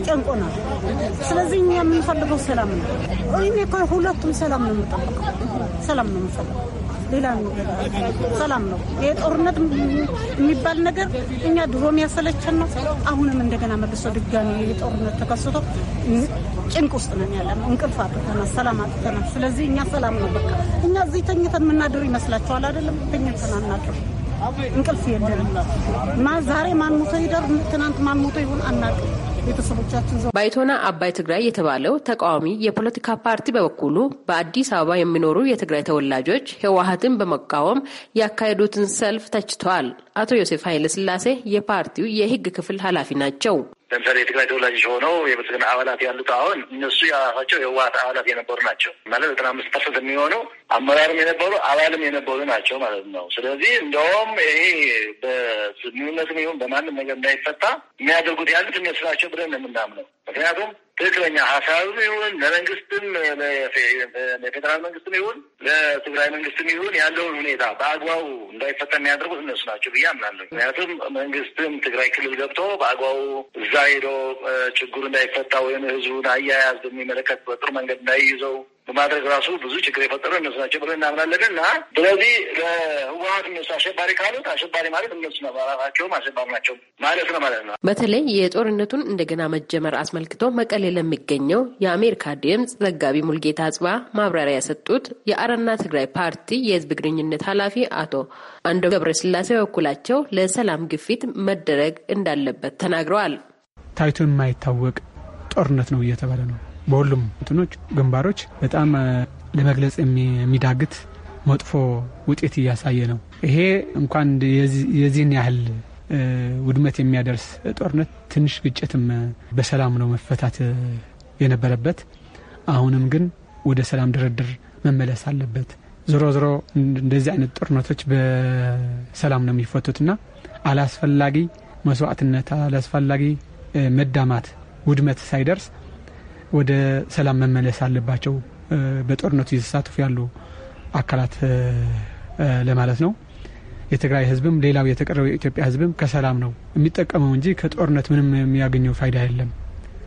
ጨንቆናል። ስለዚህ እኛ የምንፈልገው ሰላም ነው። እኔ ከሁለቱም ሰላም ነው የምጠብቀው፣ ሰላም ነው የምፈልገው ሌላ ሰላም ነው። ይሄ ጦርነት የሚባል ነገር እኛ ድሮም ያሰለቸን ነው። አሁንም እንደገና መልሶ ድጋሚ ጦርነት ተከስቶ ጭንቅ ውስጥ ነን ያለ ነው። እንቅልፍ አጥተናል፣ ሰላም አጥተናል። ስለዚህ እኛ ሰላም ነው በቃ። እኛ እዚህ ተኝተን የምናድር ይመስላችኋል? አይደለም፣ ተኝተን አናድር። እንቅልፍ የለንም። ዛሬ ማን ሞቶ ይደር፣ ትናንት ማን ሞቶ ይሆን አናውቅም። ቤተሰቦቻችን ባይቶና አባይ ትግራይ የተባለው ተቃዋሚ የፖለቲካ ፓርቲ በበኩሉ በአዲስ አበባ የሚኖሩ የትግራይ ተወላጆች ህወሀትን በመቃወም ያካሄዱትን ሰልፍ ተችተዋል። አቶ ዮሴፍ ኃይለስላሴ የፓርቲው የህግ ክፍል ኃላፊ ናቸው። ለምሳሌ የትግራይ ተወላጆች ሆነው የብልጽግና አባላት ያሉት አሁን እነሱ የራሳቸው የህወሀት አባላት የነበሩ ናቸው ማለት ዘጠና አምስት ፐርሰንት የሚሆነው አመራርም የነበሩ አባልም የነበሩ ናቸው ማለት ነው። ስለዚህ እንደውም ይሄ በስምምነትም ይሁን በማንም ነገር እንዳይፈታ የሚያደርጉት ያሉት እነሱ ናቸው ብለን ነው የምናምነው። ምክንያቱም ትክክለኛ ሀሳብም ይሁን ለመንግስትም ለፌዴራል መንግስትም ይሁን ለትግራይ መንግስትም ይሁን ያለውን ሁኔታ በአግባቡ እንዳይፈታ የሚያደርጉት እነሱ ናቸው ብዬ አምናለሁ። ምክንያቱም መንግስትም ትግራይ ክልል ገብቶ በአግባቡ እዛ ሄዶ ችግሩ እንዳይፈታ ወይም ህዝቡን አያያዝ በሚመለከት በጥሩ መንገድ እንዳይይዘው በማድረግ ራሱ ብዙ ችግር የፈጠረ እነሱ ናቸው ብለን እናምናለን እና ስለዚህ ለህወሀት እነሱ አሸባሪ ካሉት አሸባሪ ማለት እነሱ ራሳቸውም አሸባሪ ናቸው ማለት ነው ማለት ነው። በተለይ የጦርነቱን እንደገና መጀመር አስመልክቶ መቀሌ ለሚገኘው የአሜሪካ ድምፅ ዘጋቢ ሙልጌታ አጽባ ማብራሪያ የሰጡት የአረና ትግራይ ፓርቲ የህዝብ ግንኙነት ኃላፊ አቶ አንዶ ገብረስላሴ በኩላቸው ለሰላም ግፊት መደረግ እንዳለበት ተናግረዋል። ታይቶ የማይታወቅ ጦርነት ነው እየተባለ ነው በሁሉም እንትኖች ግንባሮች በጣም ለመግለጽ የሚዳግት መጥፎ ውጤት እያሳየ ነው። ይሄ እንኳን የዚህን ያህል ውድመት የሚያደርስ ጦርነት ትንሽ ግጭትም በሰላም ነው መፈታት የነበረበት። አሁንም ግን ወደ ሰላም ድርድር መመለስ አለበት። ዞሮ ዞሮ እንደዚህ አይነት ጦርነቶች በሰላም ነው የሚፈቱትና አላስፈላጊ መስዋዕትነት፣ አላስፈላጊ መዳማት፣ ውድመት ሳይደርስ ወደ ሰላም መመለስ አለባቸው በጦርነቱ እየተሳተፉ ያሉ አካላት ለማለት ነው። የትግራይ ህዝብም ሌላው የተቀረው የኢትዮጵያ ህዝብም ከሰላም ነው የሚጠቀመው እንጂ ከጦርነት ምንም የሚያገኘው ፋይዳ የለም።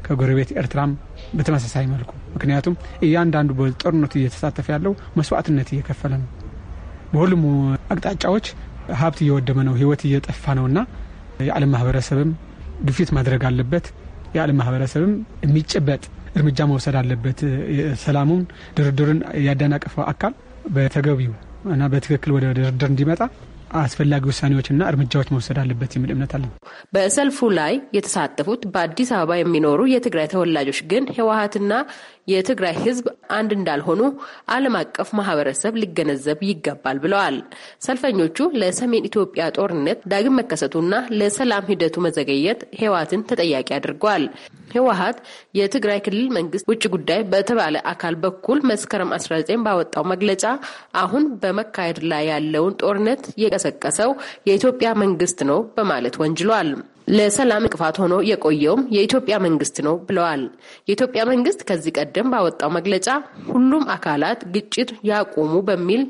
ከጎረቤት ኤርትራም በተመሳሳይ መልኩ ምክንያቱም እያንዳንዱ በጦርነቱ እየተሳተፈ ያለው መስዋዕትነት እየከፈለ ነው። በሁሉም አቅጣጫዎች ሀብት እየወደመ ነው፣ ህይወት እየጠፋ እና የዓለም ማህበረሰብም ግፊት ማድረግ አለበት። የዓለም ማህበረሰብም የሚጨበጥ እርምጃ መውሰድ አለበት። ሰላሙን፣ ድርድርን ያደናቀፈው አካል በተገቢው እና በትክክል ወደ ድርድር እንዲመጣ አስፈላጊ ውሳኔዎችና እርምጃዎች መውሰድ አለበት የሚል እምነት አለ። በሰልፉ ላይ የተሳተፉት በአዲስ አበባ የሚኖሩ የትግራይ ተወላጆች ግን ህወሀትና የትግራይ ህዝብ አንድ እንዳልሆኑ ዓለም አቀፍ ማህበረሰብ ሊገነዘብ ይገባል ብለዋል። ሰልፈኞቹ ለሰሜን ኢትዮጵያ ጦርነት ዳግም መከሰቱና ለሰላም ሂደቱ መዘገየት ህወሀትን ተጠያቂ አድርገዋል። ህወሀት የትግራይ ክልል መንግስት ውጭ ጉዳይ በተባለ አካል በኩል መስከረም 19 ባወጣው መግለጫ አሁን በመካሄድ ላይ ያለውን ጦርነት የቀሰቀሰው የኢትዮጵያ መንግስት ነው በማለት ወንጅሏል። ለሰላም እንቅፋት ሆኖ የቆየውም የኢትዮጵያ መንግስት ነው ብለዋል። የኢትዮጵያ መንግስት ከዚህ ቀደም ባወጣው መግለጫ ሁሉም አካላት ግጭት ያቆሙ በሚል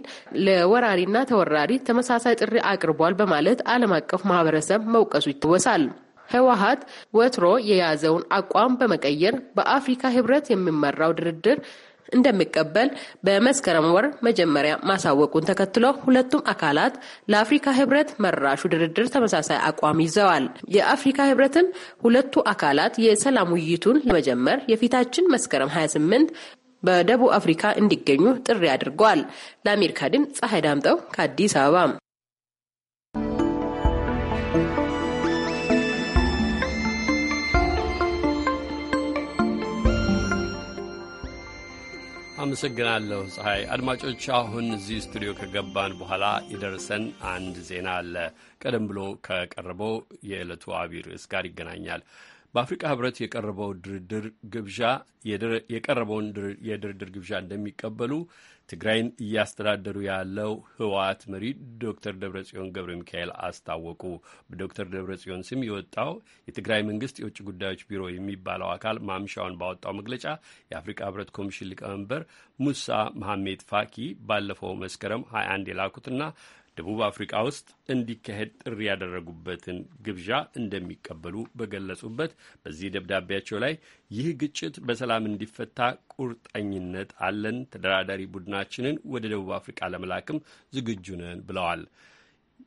ለወራሪና ተወራሪ ተመሳሳይ ጥሪ አቅርቧል በማለት ዓለም አቀፍ ማህበረሰብ መውቀሱ ይታወሳል። ህወሀት ወትሮ የያዘውን አቋም በመቀየር በአፍሪካ ህብረት የሚመራው ድርድር እንደሚቀበል በመስከረም ወር መጀመሪያ ማሳወቁን ተከትሎ ሁለቱም አካላት ለአፍሪካ ህብረት መራሹ ድርድር ተመሳሳይ አቋም ይዘዋል። የአፍሪካ ህብረትን ሁለቱ አካላት የሰላም ውይይቱን ለመጀመር የፊታችን መስከረም 28 በደቡብ አፍሪካ እንዲገኙ ጥሪ አድርገዋል። ለአሜሪካ ድምፅ ፀሐይ ዳምጠው ከአዲስ አበባ አመሰግናለሁ ፀሐይ። አድማጮች አሁን እዚህ ስቱዲዮ ከገባን በኋላ የደረሰን አንድ ዜና አለ። ቀደም ብሎ ከቀረበው የዕለቱ አቢይ ርዕስ ጋር ይገናኛል። በአፍሪካ ህብረት የቀረበው ድርድር ግብዣ የቀረበውን የድርድር ግብዣ እንደሚቀበሉ ትግራይን እያስተዳደሩ ያለው ህወሓት መሪ ዶክተር ደብረጽዮን ገብረ ሚካኤል አስታወቁ። በዶክተር ደብረጽዮን ስም የወጣው የትግራይ መንግስት የውጭ ጉዳዮች ቢሮ የሚባለው አካል ማምሻውን ባወጣው መግለጫ የአፍሪካ ህብረት ኮሚሽን ሊቀመንበር ሙሳ መሐሜድ ፋኪ ባለፈው መስከረም 21 የላኩትና ደቡብ አፍሪቃ ውስጥ እንዲካሄድ ጥሪ ያደረጉበትን ግብዣ እንደሚቀበሉ በገለጹበት በዚህ ደብዳቤያቸው ላይ ይህ ግጭት በሰላም እንዲፈታ ቁርጠኝነት አለን፣ ተደራዳሪ ቡድናችንን ወደ ደቡብ አፍሪቃ ለመላክም ዝግጁ ነን ብለዋል።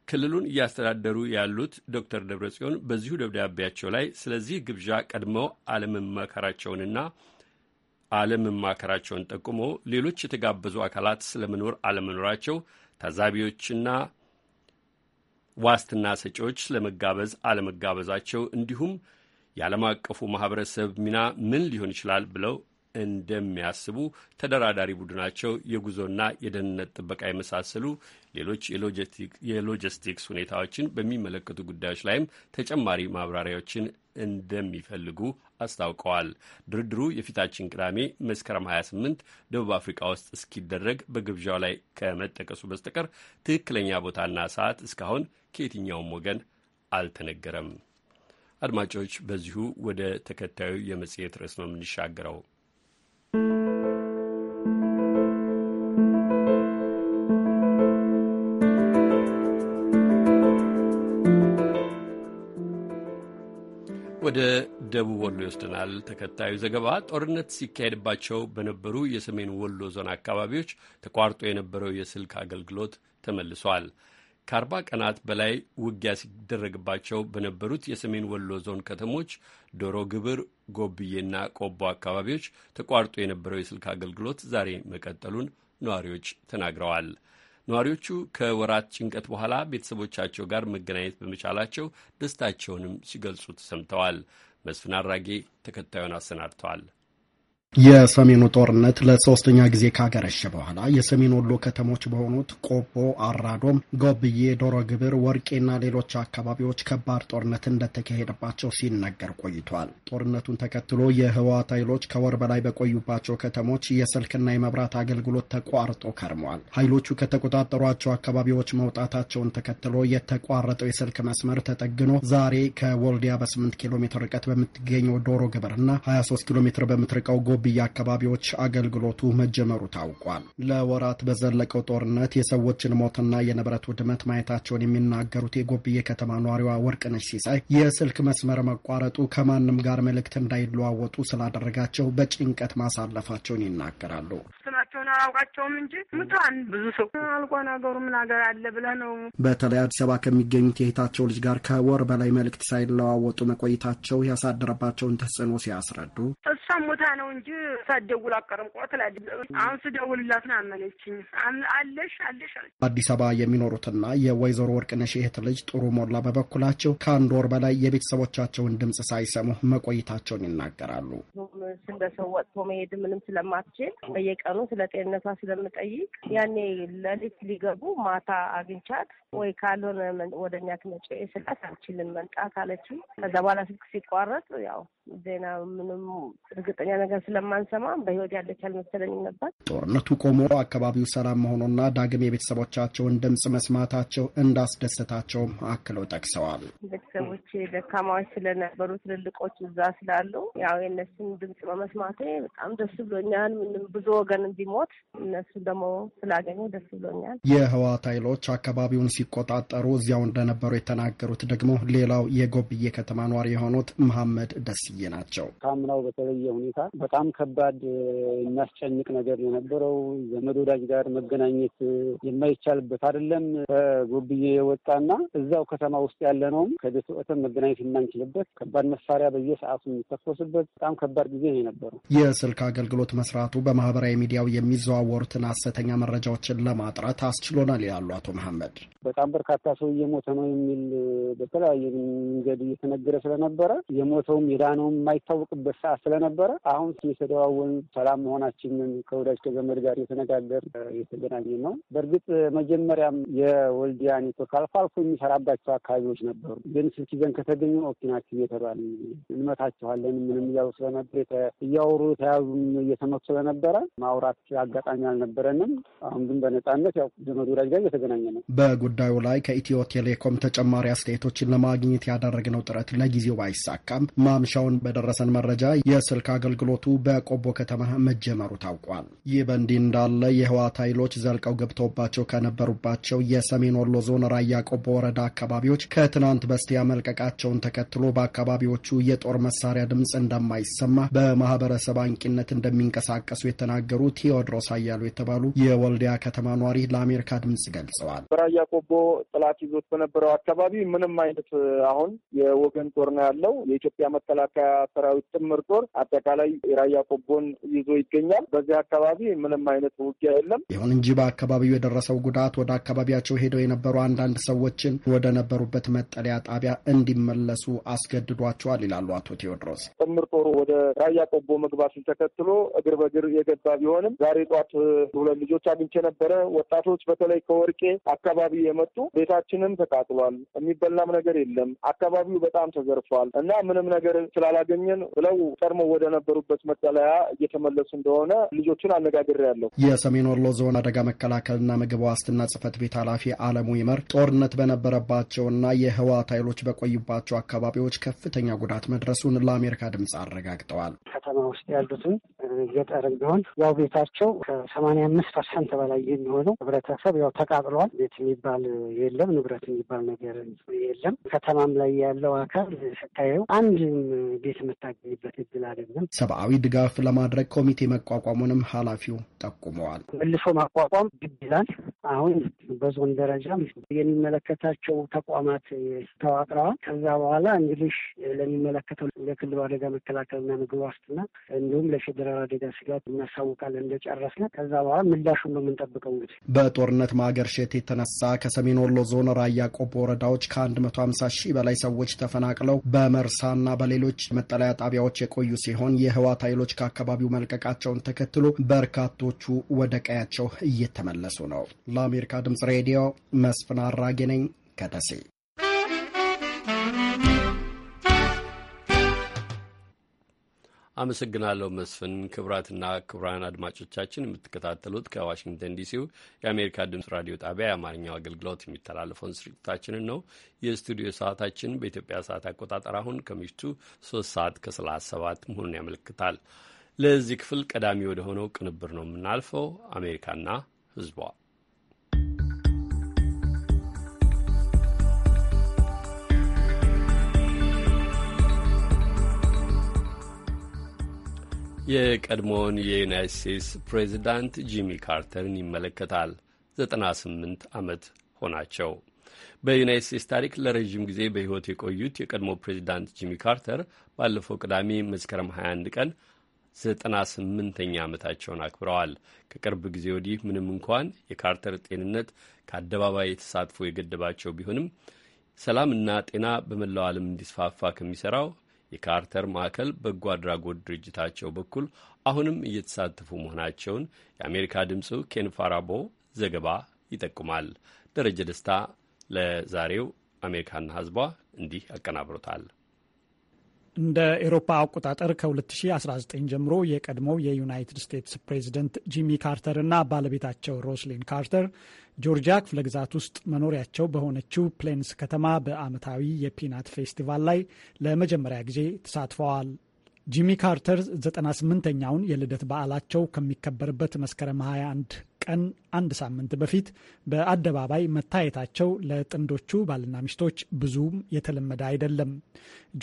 ክልሉን እያስተዳደሩ ያሉት ዶክተር ደብረጽዮን በዚሁ ደብዳቤያቸው ላይ ስለዚህ ግብዣ ቀድመው አለመመከራቸውንና አለመማከራቸውን ጠቁሞ ሌሎች የተጋበዙ አካላት ስለመኖር አለመኖራቸው ታዛቢዎችና ዋስትና ሰጪዎች ለመጋበዝ አለመጋበዛቸው እንዲሁም የዓለም አቀፉ ማህበረሰብ ሚና ምን ሊሆን ይችላል ብለው እንደሚያስቡ ተደራዳሪ ቡድናቸው የጉዞና የደህንነት ጥበቃ የመሳሰሉ ሌሎች የሎጂስቲክስ ሁኔታዎችን በሚመለከቱ ጉዳዮች ላይም ተጨማሪ ማብራሪያዎችን እንደሚፈልጉ አስታውቀዋል። ድርድሩ የፊታችን ቅዳሜ መስከረም 28 ደቡብ አፍሪካ ውስጥ እስኪደረግ በግብዣው ላይ ከመጠቀሱ በስተቀር ትክክለኛ ቦታና ሰዓት እስካሁን ከየትኛውም ወገን አልተነገረም። አድማጮች፣ በዚሁ ወደ ተከታዩ የመጽሔት ርዕስ ነው የምንሻገረው። ወደ ደቡብ ወሎ ይወስደናል። ተከታዩ ዘገባ ጦርነት ሲካሄድባቸው በነበሩ የሰሜን ወሎ ዞን አካባቢዎች ተቋርጦ የነበረው የስልክ አገልግሎት ተመልሷል። ከአርባ ቀናት በላይ ውጊያ ሲደረግባቸው በነበሩት የሰሜን ወሎ ዞን ከተሞች ዶሮ ግብር፣ ጎብዬና ቆቦ አካባቢዎች ተቋርጦ የነበረው የስልክ አገልግሎት ዛሬ መቀጠሉን ነዋሪዎች ተናግረዋል። ነዋሪዎቹ ከወራት ጭንቀት በኋላ ቤተሰቦቻቸው ጋር መገናኘት በመቻላቸው ደስታቸውንም ሲገልጹ ተሰምተዋል። መስፍን አራጌ ተከታዩን አሰናድተዋል። የሰሜኑ ጦርነት ለሶስተኛ ጊዜ ካገረሸ በኋላ የሰሜን ወሎ ከተሞች በሆኑት ቆቦ፣ አራዶም፣ ጎብዬ፣ ዶሮ ግብር፣ ወርቄና ሌሎች አካባቢዎች ከባድ ጦርነት እንደተካሄደባቸው ሲነገር ቆይቷል። ጦርነቱን ተከትሎ የህወሓት ኃይሎች ከወር በላይ በቆዩባቸው ከተሞች የስልክና የመብራት አገልግሎት ተቋርጦ ከርመዋል። ኃይሎቹ ከተቆጣጠሯቸው አካባቢዎች መውጣታቸውን ተከትሎ የተቋረጠው የስልክ መስመር ተጠግኖ ዛሬ ከወልዲያ በ8 ኪሎ ሜትር ርቀት በምትገኘው ዶሮ ግብርና 23 ኪሎ ሜትር በምትርቀው በጦብያ አካባቢዎች አገልግሎቱ መጀመሩ ታውቋል። ለወራት በዘለቀው ጦርነት የሰዎችን ሞትና የንብረት ውድመት ማየታቸውን የሚናገሩት የጎብዬ ከተማ ኗሪዋ ወርቅነሽ ሲሳይ የስልክ መስመር መቋረጡ ከማንም ጋር መልእክት እንዳይለዋወጡ ስላደረጋቸው በጭንቀት ማሳለፋቸውን ይናገራሉ። ስለ ስማቸውን አላውቃቸውም እንጂ ሙቷን ብዙ ሰው አልቆ ነገሩ ምን ሀገር አለ ብለ ነው። በተለይ አዲስ አበባ ከሚገኙት የእህታቸው ልጅ ጋር ከወር በላይ መልእክት ሳይለዋወጡ መቆየታቸው ያሳደረባቸውን ተጽዕኖ ሲያስረዱ እሷም ሙታ ነው እንጂ ሳደውል አቀርም ቆ ትላለች። አሁን ስደውልላት ነው አመነችኝ። አለሽ አለሽ አዲስ አበባ የሚኖሩትና የወይዘሮ ወርቅነሽ እህት ልጅ ጥሩ ሞላ በበኩላቸው ከአንድ ወር በላይ የቤተሰቦቻቸውን ድምፅ ሳይሰሙ መቆየታቸውን ይናገራሉ። ስንት ሰው ወጥቶ መሄድ ምንም ስለማትችል በየቀኑ ስለ ስለጤንነቷ ስለምጠይቅ ያኔ ለሊት ሊገቡ ማታ አግኝቻት ወይ ካልሆነ ወደኛ ትመጪ ስላት አልችልም መምጣት አለች። ከዛ በኋላ ስልክ ሲቋረጥ ያው ዜና ምንም እርግጠኛ ነገር ስለማንሰማ በህይወት ያለች አልመሰለኝም ነበር። ጦርነቱ ቆሞ አካባቢው ሰላም መሆኑና ዳግም የቤተሰቦቻቸውን ድምፅ መስማታቸው እንዳስደሰታቸውም አክለው ጠቅሰዋል። ቤተሰቦች ደካማዎች ስለነበሩ ትልልቆች እዛ ስላሉ ያው የእነሱን ድምፅ በመስማቴ በጣም ደስ ብሎኛል። ምንም ብዙ ወገን እንዲሞ ሞት እነሱ ደግሞ ስላገኙ ደስ ብሎኛል። የህወሓት ኃይሎች አካባቢውን ሲቆጣጠሩ እዚያው እንደነበሩ የተናገሩት ደግሞ ሌላው የጎብዬ ከተማ ኗሪ የሆኑት መሐመድ ደስዬ ናቸው። ካምናው በተለየ ሁኔታ በጣም ከባድ የሚያስጨንቅ ነገር የነበረው ዘመድ ወዳጅ ጋር መገናኘት የማይቻልበት አይደለም። ከጎብዬ የወጣና እዛው ከተማ ውስጥ ያለ ነውም ከቤት ወጥተን መገናኘት የማንችልበት ከባድ መሳሪያ በየሰዓቱ የሚተኮስበት በጣም ከባድ ጊዜ ነው የነበረው። የስልክ አገልግሎት መስራቱ በማህበራዊ ሚዲያው የሚ የሚዘዋወሩትን ሐሰተኛ መረጃዎችን ለማጥራት አስችሎናል ይላሉ አቶ መሐመድ። በጣም በርካታ ሰው እየሞተ ነው የሚል በተለያየ መንገድ እየተነገረ ስለነበረ የሞተውም የዳነውም የማይታወቅበት ሰዓት ስለነበረ አሁን የተደዋወን ሰላም መሆናችንን ከወዳጅ ከዘመድ ጋር የተነጋገር የተገናኘ ነው። በእርግጥ መጀመሪያም የወልዲያ ኔትወርክ አልፎ አልፎ የሚሰራባቸው አካባቢዎች ነበሩ። ግን ስልክ ይዘን ከተገኙ ኦኪናችሁ እየተባል እንመታችኋለን ምንም እያሉ ስለነበር እያወሩ ተያዙም እየተመቱ ስለነበረ ማውራት አጋጣሚ አልነበረንም። አሁን ግን በነጻነት ያው ዘመድ ወዳጅ ጋር እየተገናኘ ነው። በጉዳዩ ላይ ከኢትዮ ቴሌኮም ተጨማሪ አስተያየቶችን ለማግኘት ያደረግነው ጥረት ለጊዜው ባይሳካም ማምሻውን በደረሰን መረጃ የስልክ አገልግሎቱ በቆቦ ከተማ መጀመሩ ታውቋል። ይህ በእንዲህ እንዳለ የህወሓት ኃይሎች ዘልቀው ገብተውባቸው ከነበሩባቸው የሰሜን ወሎ ዞን ራያ ቆቦ ወረዳ አካባቢዎች ከትናንት በስቲያ መልቀቃቸውን ተከትሎ በአካባቢዎቹ የጦር መሳሪያ ድምፅ እንደማይሰማ በማህበረሰብ አንቂነት እንደሚንቀሳቀሱ የተናገሩ ቴዎድ ቴዎድሮስ አያሉ የተባሉ የወልዲያ ከተማ ኗሪ ለአሜሪካ ድምጽ ገልጸዋል። በራያ ቆቦ ጥላት ይዞት በነበረው አካባቢ ምንም አይነት አሁን የወገን ጦር ነው ያለው። የኢትዮጵያ መከላከያ ሰራዊት ጥምር ጦር አጠቃላይ የራያ ቆቦን ይዞ ይገኛል። በዚህ አካባቢ ምንም አይነት ውጊያ የለም። ይሁን እንጂ በአካባቢው የደረሰው ጉዳት ወደ አካባቢያቸው ሄደው የነበሩ አንዳንድ ሰዎችን ወደ ነበሩበት መጠለያ ጣቢያ እንዲመለሱ አስገድዷቸዋል ይላሉ አቶ ቴዎድሮስ። ጥምር ጦሩ ወደ ራያ ቆቦ መግባቱን ተከትሎ እግር በእግር የገባ ቢሆንም ዛሬ ዛሬ ጠዋት ሁለት ልጆች አግኝቼ ነበረ። ወጣቶች በተለይ ከወርቄ አካባቢ የመጡ ቤታችንም ተቃጥሏል፣ የሚበላም ነገር የለም፣ አካባቢው በጣም ተዘርፏል እና ምንም ነገር ስላላገኘን ብለው ቀድሞ ወደ ነበሩበት መጠለያ እየተመለሱ እንደሆነ ልጆቹን አነጋግሬያለሁ። የሰሜን ወሎ ዞን አደጋ መከላከልና ምግብ ዋስትና ጽህፈት ቤት ኃላፊ አለሙ ይመር ጦርነት በነበረባቸውና የህወሓት ኃይሎች በቆዩባቸው አካባቢዎች ከፍተኛ ጉዳት መድረሱን ለአሜሪካ ድምፅ አረጋግጠዋል። ከተማ ውስጥ ያሉትን ገጠርም ቢሆን ያው ቤታቸው ያለው ከሰማንያ አምስት ፐርሰንት በላይ የሚሆነው ህብረተሰብ ያው ተቃጥሏል። ቤት የሚባል የለም፣ ንብረት የሚባል ነገር የለም። ከተማም ላይ ያለው አካል ስታየው አንድም ቤት የምታገኝበት እድል አይደለም። ሰብአዊ ድጋፍ ለማድረግ ኮሚቴ መቋቋሙንም ኃላፊው ጠቁመዋል። መልሶ ማቋቋም ግድ ይላል። አሁን በዞን ደረጃም የሚመለከታቸው ተቋማት ተዋቅረዋል። ከዛ በኋላ እንግዲህ ለሚመለከተው ለክልሉ አደጋ መከላከልና ምግብ ዋስትና እንዲሁም ለፌዴራል አደጋ ስጋት እናሳውቃለን እንደ ጨረስን። ከዛ በኋላ ምላሹን ነው የምንጠብቀው። እንግዲህ በጦርነት ማገርሸት የተነሳ ከሰሜን ወሎ ዞን ራያ ቆቦ ወረዳዎች ከ150 ሺህ በላይ ሰዎች ተፈናቅለው በመርሳና በሌሎች መጠለያ ጣቢያዎች የቆዩ ሲሆን የህዋት ኃይሎች ከአካባቢው መልቀቃቸውን ተከትሎ በርካቶቹ ወደ ቀያቸው እየተመለሱ ነው። ለአሜሪካ ድምጽ ሬዲዮ መስፍን አራጌ ነኝ ከደሴ። አመሰግናለሁ መስፍን። ክቡራትና ክቡራን አድማጮቻችን የምትከታተሉት ከዋሽንግተን ዲሲው የአሜሪካ ድምጽ ራዲዮ ጣቢያ የአማርኛው አገልግሎት የሚተላለፈውን ስርጭታችንን ነው። የስቱዲዮ ሰዓታችን በኢትዮጵያ ሰዓት አቆጣጠር አሁን ከምሽቱ ሶስት ሰዓት ከሰላሳ ሰባት መሆኑን ያመለክታል። ለዚህ ክፍል ቀዳሚ ወደ ሆነው ቅንብር ነው የምናልፈው። አሜሪካና ህዝቧ። የቀድሞውን የዩናይት ስቴትስ ፕሬዚዳንት ጂሚ ካርተርን ይመለከታል። 98 ዓመት ሆናቸው። በዩናይት ስቴትስ ታሪክ ለረዥም ጊዜ በሕይወት የቆዩት የቀድሞ ፕሬዚዳንት ጂሚ ካርተር ባለፈው ቅዳሜ መስከረም 21 ቀን 98ኛ ዓመታቸውን አክብረዋል። ከቅርብ ጊዜ ወዲህ ምንም እንኳን የካርተር ጤንነት ከአደባባይ የተሳትፎ የገደባቸው ቢሆንም ሰላምና ጤና በመላው ዓለም እንዲስፋፋ ከሚሠራው የካርተር ማዕከል በጎ አድራጎት ድርጅታቸው በኩል አሁንም እየተሳተፉ መሆናቸውን የአሜሪካ ድምፁ ኬን ፋራቦ ዘገባ ይጠቁማል። ደረጀ ደስታ ለዛሬው አሜሪካና ሕዝቧ እንዲህ አቀናብሮታል። እንደ ኤሮፓ አቆጣጠር ከ2019 ጀምሮ የቀድሞው የዩናይትድ ስቴትስ ፕሬዚደንት ጂሚ ካርተር እና ባለቤታቸው ሮስሊን ካርተር ጆርጂያ ክፍለ ግዛት ውስጥ መኖሪያቸው በሆነችው ፕሌንስ ከተማ በዓመታዊ የፒናት ፌስቲቫል ላይ ለመጀመሪያ ጊዜ ተሳትፈዋል። ጂሚ ካርተር 98ኛውን የልደት በዓላቸው ከሚከበርበት መስከረም 21 ቀን አንድ ሳምንት በፊት በአደባባይ መታየታቸው ለጥንዶቹ ባልና ሚስቶች ብዙም የተለመደ አይደለም።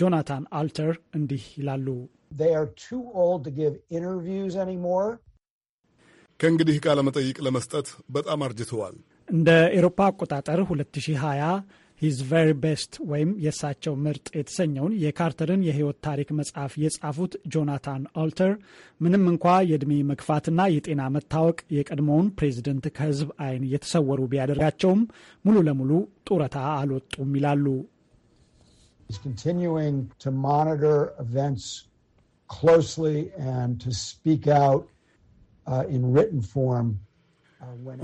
ጆናታን አልተር እንዲህ ይላሉ። ከእንግዲህ ቃለ መጠይቅ ለመስጠት በጣም አርጅተዋል። እንደ ኤሮፓ አቆጣጠር 2020 ሂዝ ቨሪ ቤስት ወይም የእሳቸው ምርጥ የተሰኘውን የካርተርን የህይወት ታሪክ መጽሐፍ የጻፉት ጆናታን ኦልተር ምንም እንኳ የዕድሜ መግፋትና የጤና መታወቅ የቀድሞውን ፕሬዚደንት ከህዝብ አይን የተሰወሩ ቢያደርጋቸውም ሙሉ ለሙሉ ጡረታ አልወጡም ይላሉ። closely and to speak out uh, in written form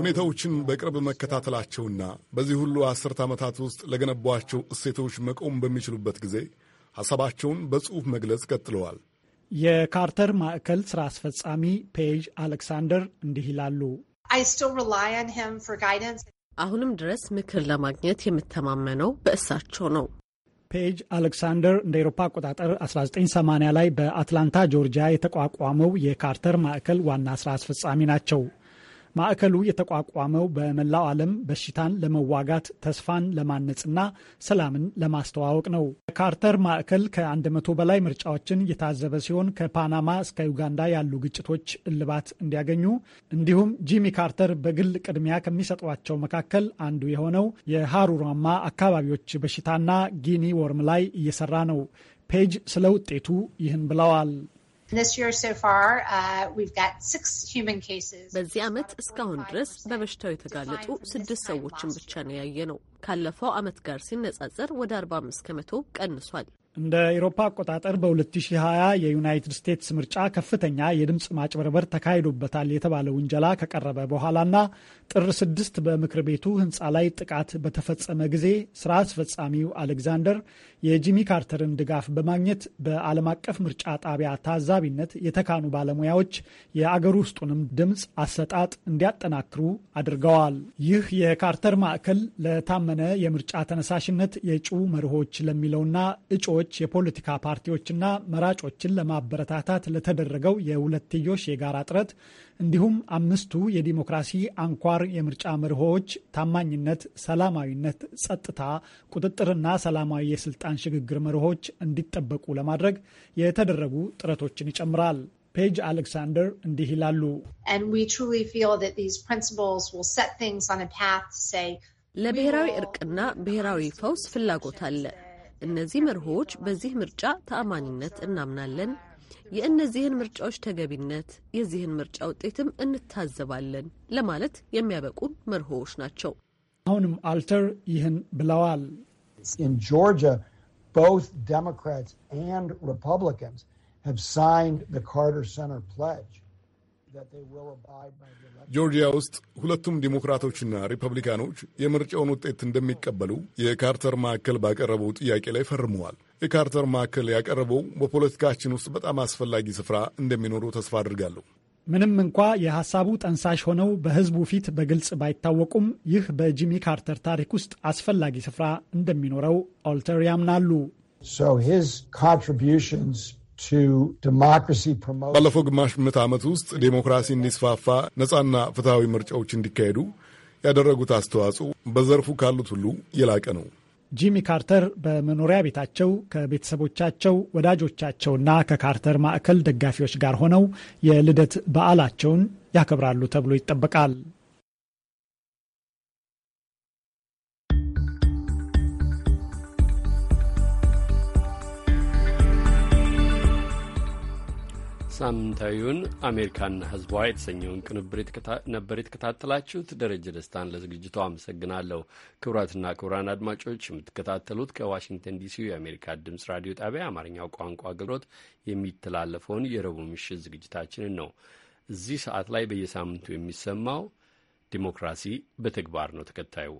ሁኔታዎችን በቅርብ መከታተላቸውና በዚህ ሁሉ አስርት ዓመታት ውስጥ ለገነቧቸው እሴቶች መቆም በሚችሉበት ጊዜ ሐሳባቸውን በጽሑፍ መግለጽ ቀጥለዋል። የካርተር ማዕከል ሥራ አስፈጻሚ ፔጅ አሌክሳንደር እንዲህ ይላሉ። አሁንም ድረስ ምክር ለማግኘት የምተማመነው በእሳቸው ነው። ፔጅ አሌክሳንደር እንደ ኤሮፓ አቆጣጠር 1980 ላይ በአትላንታ ጆርጂያ የተቋቋመው የካርተር ማዕከል ዋና ሥራ አስፈጻሚ ናቸው። ማዕከሉ የተቋቋመው በመላው ዓለም በሽታን ለመዋጋት ተስፋን ለማነጽና ሰላምን ለማስተዋወቅ ነው። ካርተር ማዕከል ከ100 በላይ ምርጫዎችን የታዘበ ሲሆን ከፓናማ እስከ ዩጋንዳ ያሉ ግጭቶች እልባት እንዲያገኙ እንዲሁም ጂሚ ካርተር በግል ቅድሚያ ከሚሰጧቸው መካከል አንዱ የሆነው የሀሩራማ አካባቢዎች በሽታና ጊኒ ወርም ላይ እየሰራ ነው። ፔጅ ስለ ውጤቱ ይህን ብለዋል። Uh, በዚህ ዓመት እስካሁን ድረስ በበሽታው የተጋለጡ ስድስት ሰዎችን ብቻ ነው ነው። ካለፈው ዓመት ጋር ሲነጻጸር ወደ 45 ከመቶ ቀንሷል። እንደ ኤሮፓ አቆጣጠር በ2020 የዩናይትድ ስቴትስ ምርጫ ከፍተኛ የድምፅ ማጭበርበር ተካሂዶበታል የተባለ ውንጀላ ከቀረበ በኋላና ጥር ስድስት በምክር ቤቱ ህንፃ ላይ ጥቃት በተፈጸመ ጊዜ ስራ አስፈጻሚው አሌግዛንደር የጂሚ ካርተርን ድጋፍ በማግኘት በዓለም አቀፍ ምርጫ ጣቢያ ታዛቢነት የተካኑ ባለሙያዎች የአገር ውስጡንም ድምፅ አሰጣጥ እንዲያጠናክሩ አድርገዋል። ይህ የካርተር ማዕከል ለታመነ የምርጫ ተነሳሽነት የእጩ መርሆች ለሚለውና እጩዎች የፖለቲካ ፓርቲዎችና መራጮችን ለማበረታታት ለተደረገው የሁለትዮሽ የጋራ ጥረት እንዲሁም አምስቱ የዲሞክራሲ አንኳር የምርጫ መርሆዎች ታማኝነት፣ ሰላማዊነት፣ ጸጥታ፣ ቁጥጥርና ሰላማዊ የስልጣን ሽግግር መርሆች እንዲጠበቁ ለማድረግ የተደረጉ ጥረቶችን ይጨምራል። ፔጅ አሌክሳንደር እንዲህ ይላሉ። ለብሔራዊ እርቅና ብሔራዊ ፈውስ ፍላጎት አለ። እነዚህ መርሆዎች በዚህ ምርጫ ተአማኒነት እናምናለን የእነዚህን ምርጫዎች ተገቢነት፣ የዚህን ምርጫ ውጤትም እንታዘባለን ለማለት የሚያበቁን መርሆዎች ናቸው። አሁንም አልተር ይህን ብለዋል። ቦዝ ዴሞክራትስ ኤንድ ሪፐብሊካንስ ሃቭ ሳይንድ ዘ ካርተር ሴንተር ፕሌጅ ጆርጂያ ውስጥ ሁለቱም ዲሞክራቶችና ሪፐብሊካኖች የምርጫውን ውጤት እንደሚቀበሉ የካርተር ማዕከል ባቀረበው ጥያቄ ላይ ፈርመዋል። የካርተር ማዕከል ያቀረበው በፖለቲካችን ውስጥ በጣም አስፈላጊ ስፍራ እንደሚኖሩ ተስፋ አድርጋለሁ። ምንም እንኳ የሐሳቡ ጠንሳሽ ሆነው በሕዝቡ ፊት በግልጽ ባይታወቁም ይህ በጂሚ ካርተር ታሪክ ውስጥ አስፈላጊ ስፍራ እንደሚኖረው ኦልተር ያምናሉ። ባለፈው ግማሽ ምዕተ ዓመት ውስጥ ዴሞክራሲ እንዲስፋፋ ነጻና ፍትሐዊ ምርጫዎች እንዲካሄዱ ያደረጉት አስተዋጽኦ በዘርፉ ካሉት ሁሉ የላቀ ነው። ጂሚ ካርተር በመኖሪያ ቤታቸው ከቤተሰቦቻቸው ወዳጆቻቸውና ከካርተር ማዕከል ደጋፊዎች ጋር ሆነው የልደት በዓላቸውን ያከብራሉ ተብሎ ይጠበቃል። ሳምንታዊውን አሜሪካና ህዝቧ የተሰኘውን ቅንብር ነበር የተከታተላችሁት። ደረጀ ደስታን ለዝግጅቱ አመሰግናለሁ። ክቡራትና ክቡራን አድማጮች የምትከታተሉት ከዋሽንግተን ዲሲ የአሜሪካ ድምፅ ራዲዮ ጣቢያ አማርኛው ቋንቋ አገልግሎት የሚተላለፈውን የረቡዕ ምሽት ዝግጅታችንን ነው። እዚህ ሰዓት ላይ በየሳምንቱ የሚሰማው ዲሞክራሲ በተግባር ነው ተከታዩ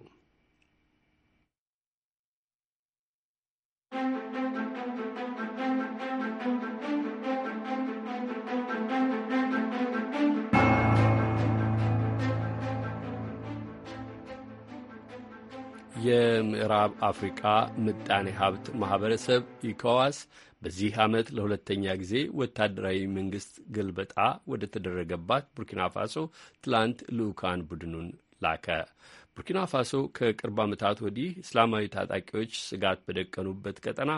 የምዕራብ አፍሪቃ ምጣኔ ሀብት ማህበረሰብ ኢኮዋስ በዚህ ዓመት ለሁለተኛ ጊዜ ወታደራዊ መንግስት ግልበጣ ወደ ተደረገባት ቡርኪና ፋሶ ትላንት ልዑካን ቡድኑን ላከ። ቡርኪና ፋሶ ከቅርብ ዓመታት ወዲህ እስላማዊ ታጣቂዎች ስጋት በደቀኑበት ቀጠና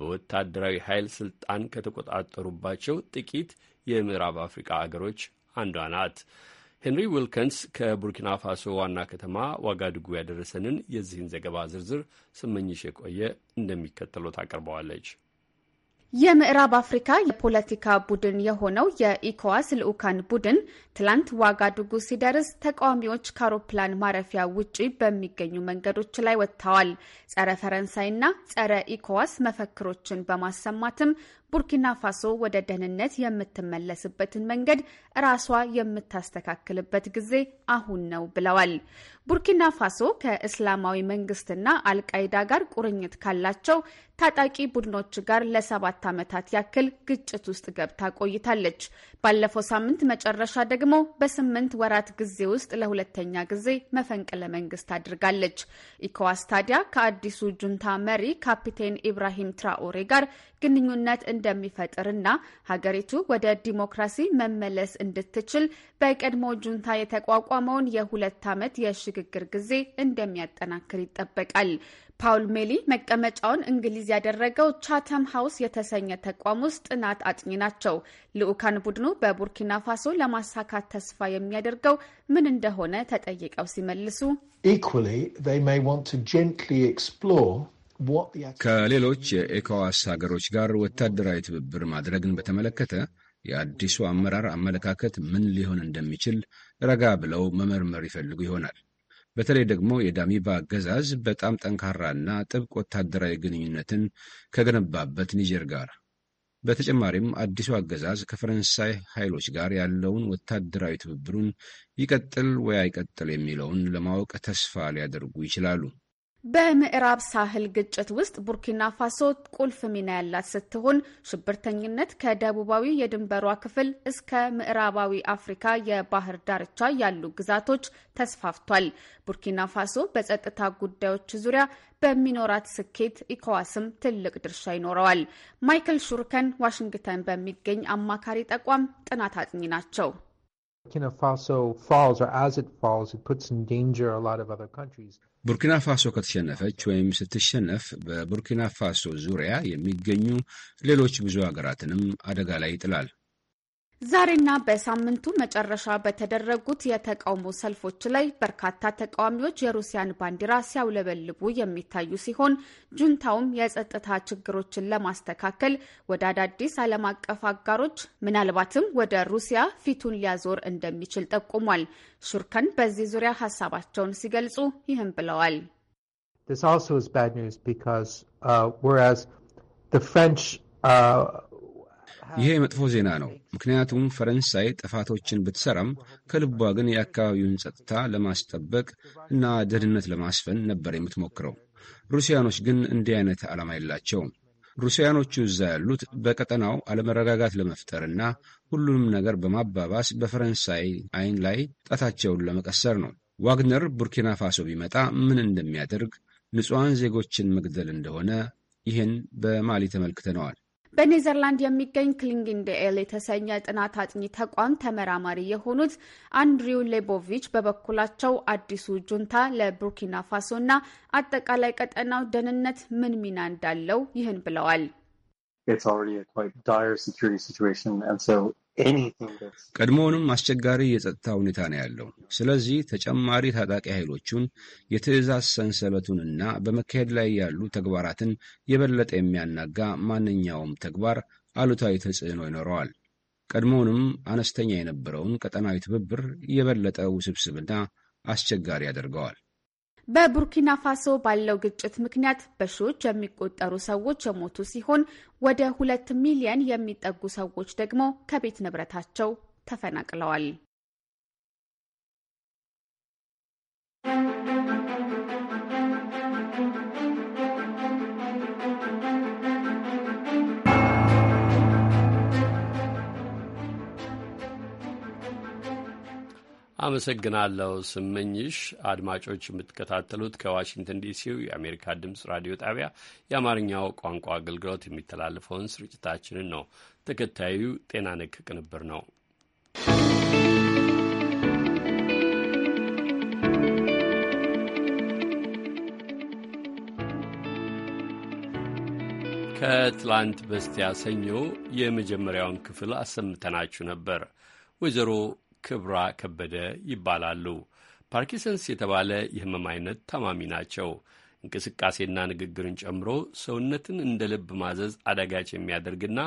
በወታደራዊ ኃይል ስልጣን ከተቆጣጠሩባቸው ጥቂት የምዕራብ አፍሪቃ አገሮች አንዷ ናት። ሄንሪ ዊልከንስ ከቡርኪና ፋሶ ዋና ከተማ ድጉ ያደረሰንን የዚህን ዘገባ ዝርዝር ስመኝሽ የቆየ እንደሚከተለው ታቀርበዋለች። የምዕራብ አፍሪካ የፖለቲካ ቡድን የሆነው የኢኮዋስ ልዑካን ቡድን ትላንት ዋጋዱጉ ሲደርስ ተቃዋሚዎች ከአውሮፕላን ማረፊያ ውጪ በሚገኙ መንገዶች ላይ ወጥተዋል። ጸረ ፈረንሳይና ጸረ ኢኮዋስ መፈክሮችን በማሰማትም ቡርኪና ፋሶ ወደ ደህንነት የምትመለስበትን መንገድ ራሷ የምታስተካክልበት ጊዜ አሁን ነው ብለዋል። ቡርኪና ፋሶ ከእስላማዊ መንግስትና አልቃይዳ ጋር ቁርኝት ካላቸው ታጣቂ ቡድኖች ጋር ለሰባት ዓመታት ያክል ግጭት ውስጥ ገብታ ቆይታለች። ባለፈው ሳምንት መጨረሻ ደግሞ በስምንት ወራት ጊዜ ውስጥ ለሁለተኛ ጊዜ መፈንቅለ መንግስት አድርጋለች። ኢኮዋስ ታዲያ ከአዲሱ ጁንታ መሪ ካፒቴን ኢብራሂም ትራኦሬ ጋር ግንኙነት እንደሚፈጥርና ሀገሪቱ ወደ ዲሞክራሲ መመለስ እንድትችል በቀድሞ ጁንታ የተቋቋመውን የሁለት ዓመት የሽግግር ጊዜ እንደሚያጠናክር ይጠበቃል። ፓውል ሜሊ መቀመጫውን እንግሊዝ ያደረገው ቻተም ሀውስ የተሰኘ ተቋም ውስጥ ጥናት አጥኚ ናቸው። ልዑካን ቡድኑ በቡርኪና ፋሶ ለማሳካት ተስፋ የሚያደርገው ምን እንደሆነ ተጠይቀው ሲመልሱ ከሌሎች የኤኮዋስ ሀገሮች ጋር ወታደራዊ ትብብር ማድረግን በተመለከተ የአዲሱ አመራር አመለካከት ምን ሊሆን እንደሚችል ረጋ ብለው መመርመር ይፈልጉ ይሆናል። በተለይ ደግሞ የዳሚባ አገዛዝ በጣም ጠንካራና ጥብቅ ወታደራዊ ግንኙነትን ከገነባበት ኒጀር ጋር በተጨማሪም አዲሱ አገዛዝ ከፈረንሳይ ኃይሎች ጋር ያለውን ወታደራዊ ትብብሩን ይቀጥል ወይ አይቀጥል የሚለውን ለማወቅ ተስፋ ሊያደርጉ ይችላሉ። በምዕራብ ሳህል ግጭት ውስጥ ቡርኪና ፋሶ ቁልፍ ሚና ያላት ስትሆን ሽብርተኝነት ከደቡባዊ የድንበሯ ክፍል እስከ ምዕራባዊ አፍሪካ የባህር ዳርቻ ያሉ ግዛቶች ተስፋፍቷል። ቡርኪና ፋሶ በጸጥታ ጉዳዮች ዙሪያ በሚኖራት ስኬት ኢኮዋስም ትልቅ ድርሻ ይኖረዋል። ማይክል ሹርከን ዋሽንግተን በሚገኝ አማካሪ ተቋም ጥናት አጥኚ ናቸው። ቡርኪና ፋሶ ቡርኪና ፋሶ ከተሸነፈች ወይም ስትሸነፍ በቡርኪና ፋሶ ዙሪያ የሚገኙ ሌሎች ብዙ ሀገራትንም አደጋ ላይ ይጥላል። ዛሬና በሳምንቱ መጨረሻ በተደረጉት የተቃውሞ ሰልፎች ላይ በርካታ ተቃዋሚዎች የሩሲያን ባንዲራ ሲያውለበልቡ የሚታዩ ሲሆን ጁንታውም የጸጥታ ችግሮችን ለማስተካከል ወደ አዳዲስ ዓለም አቀፍ አጋሮች ምናልባትም ወደ ሩሲያ ፊቱን ሊያዞር እንደሚችል ጠቁሟል። ሹርከን በዚህ ዙሪያ ሀሳባቸውን ሲገልጹ ይህም ብለዋል። This also is bad news because uh, whereas the French uh, ይሄ መጥፎ ዜና ነው። ምክንያቱም ፈረንሳይ ጥፋቶችን ብትሰራም ከልቧ ግን የአካባቢውን ጸጥታ ለማስጠበቅ እና ደህንነት ለማስፈን ነበር የምትሞክረው። ሩሲያኖች ግን እንዲህ አይነት ዓላማ የላቸውም። ሩሲያኖቹ እዛ ያሉት በቀጠናው አለመረጋጋት ለመፍጠር እና ሁሉንም ነገር በማባባስ በፈረንሳይ አይን ላይ ጣታቸውን ለመቀሰር ነው። ዋግነር ቡርኪና ፋሶ ቢመጣ ምን እንደሚያደርግ፣ ንጹሐን ዜጎችን መግደል እንደሆነ ይህን በማሊ ተመልክተነዋል። በኔዘርላንድ የሚገኝ ክሊንግን ደኤል የተሰኘ ጥናት አጥኚ ተቋም ተመራማሪ የሆኑት አንድሪው ሌቦቪች በበኩላቸው አዲሱ ጁንታ ለቡርኪና ፋሶ እና አጠቃላይ ቀጠናው ደህንነት ምን ሚና እንዳለው ይህን ብለዋል። ቀድሞውንም አስቸጋሪ የጸጥታ ሁኔታ ነው ያለው። ስለዚህ ተጨማሪ ታጣቂ ኃይሎቹን የትዕዛዝ ሰንሰለቱንና በመካሄድ ላይ ያሉ ተግባራትን የበለጠ የሚያናጋ ማንኛውም ተግባር አሉታዊ ተጽዕኖ ይኖረዋል። ቀድሞውንም አነስተኛ የነበረውን ቀጠናዊ ትብብር የበለጠ ውስብስብና አስቸጋሪ ያደርገዋል። በቡርኪና ፋሶ ባለው ግጭት ምክንያት በሺዎች የሚቆጠሩ ሰዎች የሞቱ ሲሆን ወደ ሁለት ሚሊየን የሚጠጉ ሰዎች ደግሞ ከቤት ንብረታቸው ተፈናቅለዋል። አመሰግናለሁ ስመኝሽ። አድማጮች የምትከታተሉት ከዋሽንግተን ዲሲው የአሜሪካ ድምፅ ራዲዮ ጣቢያ የአማርኛው ቋንቋ አገልግሎት የሚተላለፈውን ስርጭታችንን ነው። ተከታዩ ጤና ነክ ቅንብር ነው። ከትላንት በስቲያ ሰኞ የመጀመሪያውን ክፍል አሰምተናችሁ ነበር። ወይዘሮ ክብራ ከበደ ይባላሉ። ፓርኪንሰንስ የተባለ የህመም አይነት ታማሚ ናቸው። እንቅስቃሴና ንግግርን ጨምሮ ሰውነትን እንደ ልብ ማዘዝ አዳጋች የሚያደርግና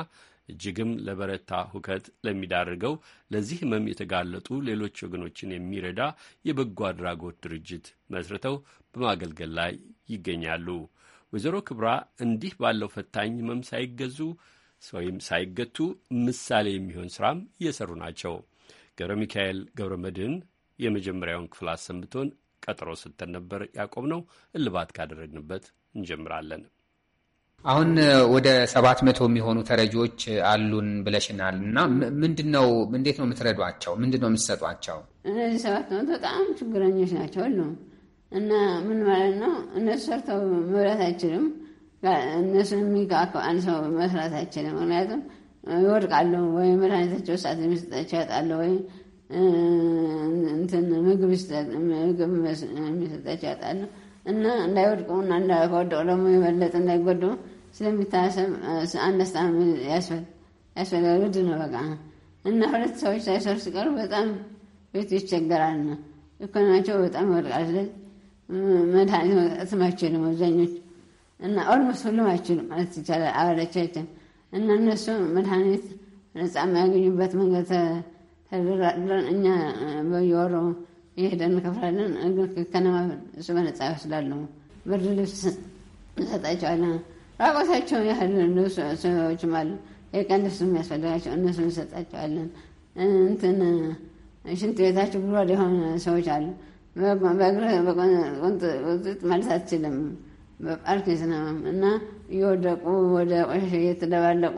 እጅግም ለበረታ ሁከት ለሚዳርገው ለዚህ ህመም የተጋለጡ ሌሎች ወገኖችን የሚረዳ የበጎ አድራጎት ድርጅት መስርተው በማገልገል ላይ ይገኛሉ። ወይዘሮ ክብራ እንዲህ ባለው ፈታኝ ህመም ሳይገዙ ወይም ሳይገቱ ምሳሌ የሚሆን ስራም እየሰሩ ናቸው። ገብረ ሚካኤል ገብረ መድህን የመጀመሪያውን ክፍል አሰምቶን ቀጠሮ ስተን ነበር ያቆም ነው። እልባት ካደረግንበት እንጀምራለን። አሁን ወደ ሰባት መቶ የሚሆኑ ተረጂዎች አሉን ብለሽናል እና ምንድነው እንዴት ነው የምትረዷቸው? ምንድነው የምትሰጧቸው? እነዚህ ሰባት መቶ በጣም ችግረኞች ናቸው ሁሉም እና ምን ማለት ነው? እነሱ ሰርተው መብላት አይችልም። እነሱን የሚንከባከብ አንድ ሰው መስራት አይችልም። ምክንያቱም ይወድቃለሁ ወይ መድኃኒታቸው ሰዓት የሚሰጣቸው ያጣለሁ ወይ እንትን ምግብ ምግብ የሚሰጣቸው ያጣለሁ እና እንዳይወድቁ እና እንዳይወደቁ ደግሞ የበለጠ እንዳይጎዱ ስለሚታሰብ አነስታ ያስፈልጋል። ውድ ነው በቃ እና ሁለት ሰዎች ሳይሰሩ ሲቀሩ በጣም ቤቱ ይቸገራል ነው ኢኮኖሚያቸው በጣም ይወድቃል። ስለዚህ መድኃኒት መጠጥም አይችልም አብዛኞች እና ኦልሞስት ሁሉም አይችሉም ማለት ይቻላል አባላቻችን እና እነሱ መድኃኒት ነጻ የሚያገኙበት መንገድ ተደራድረን እኛ በየወሩ እየሄደን ከፍላለን። እግር ከነማ እሱ በነጻ ይወስዳሉ። ብርድ ልብስ እንሰጣቸዋለን። ራቆታቸው ያህል ሰዎችም አሉ። የቀን ልብስ የሚያስፈልጋቸው እነሱ እንሰጣቸዋለን። እንትን ሽንት ቤታቸው ጉድጓድ የሆነ ሰዎች አሉ። በእግር ቁንጥጥ ማለት አትችልም። በፓርኪንሰን እና እየወደቁ ወደ ቆሻሻ እየተደባለቁ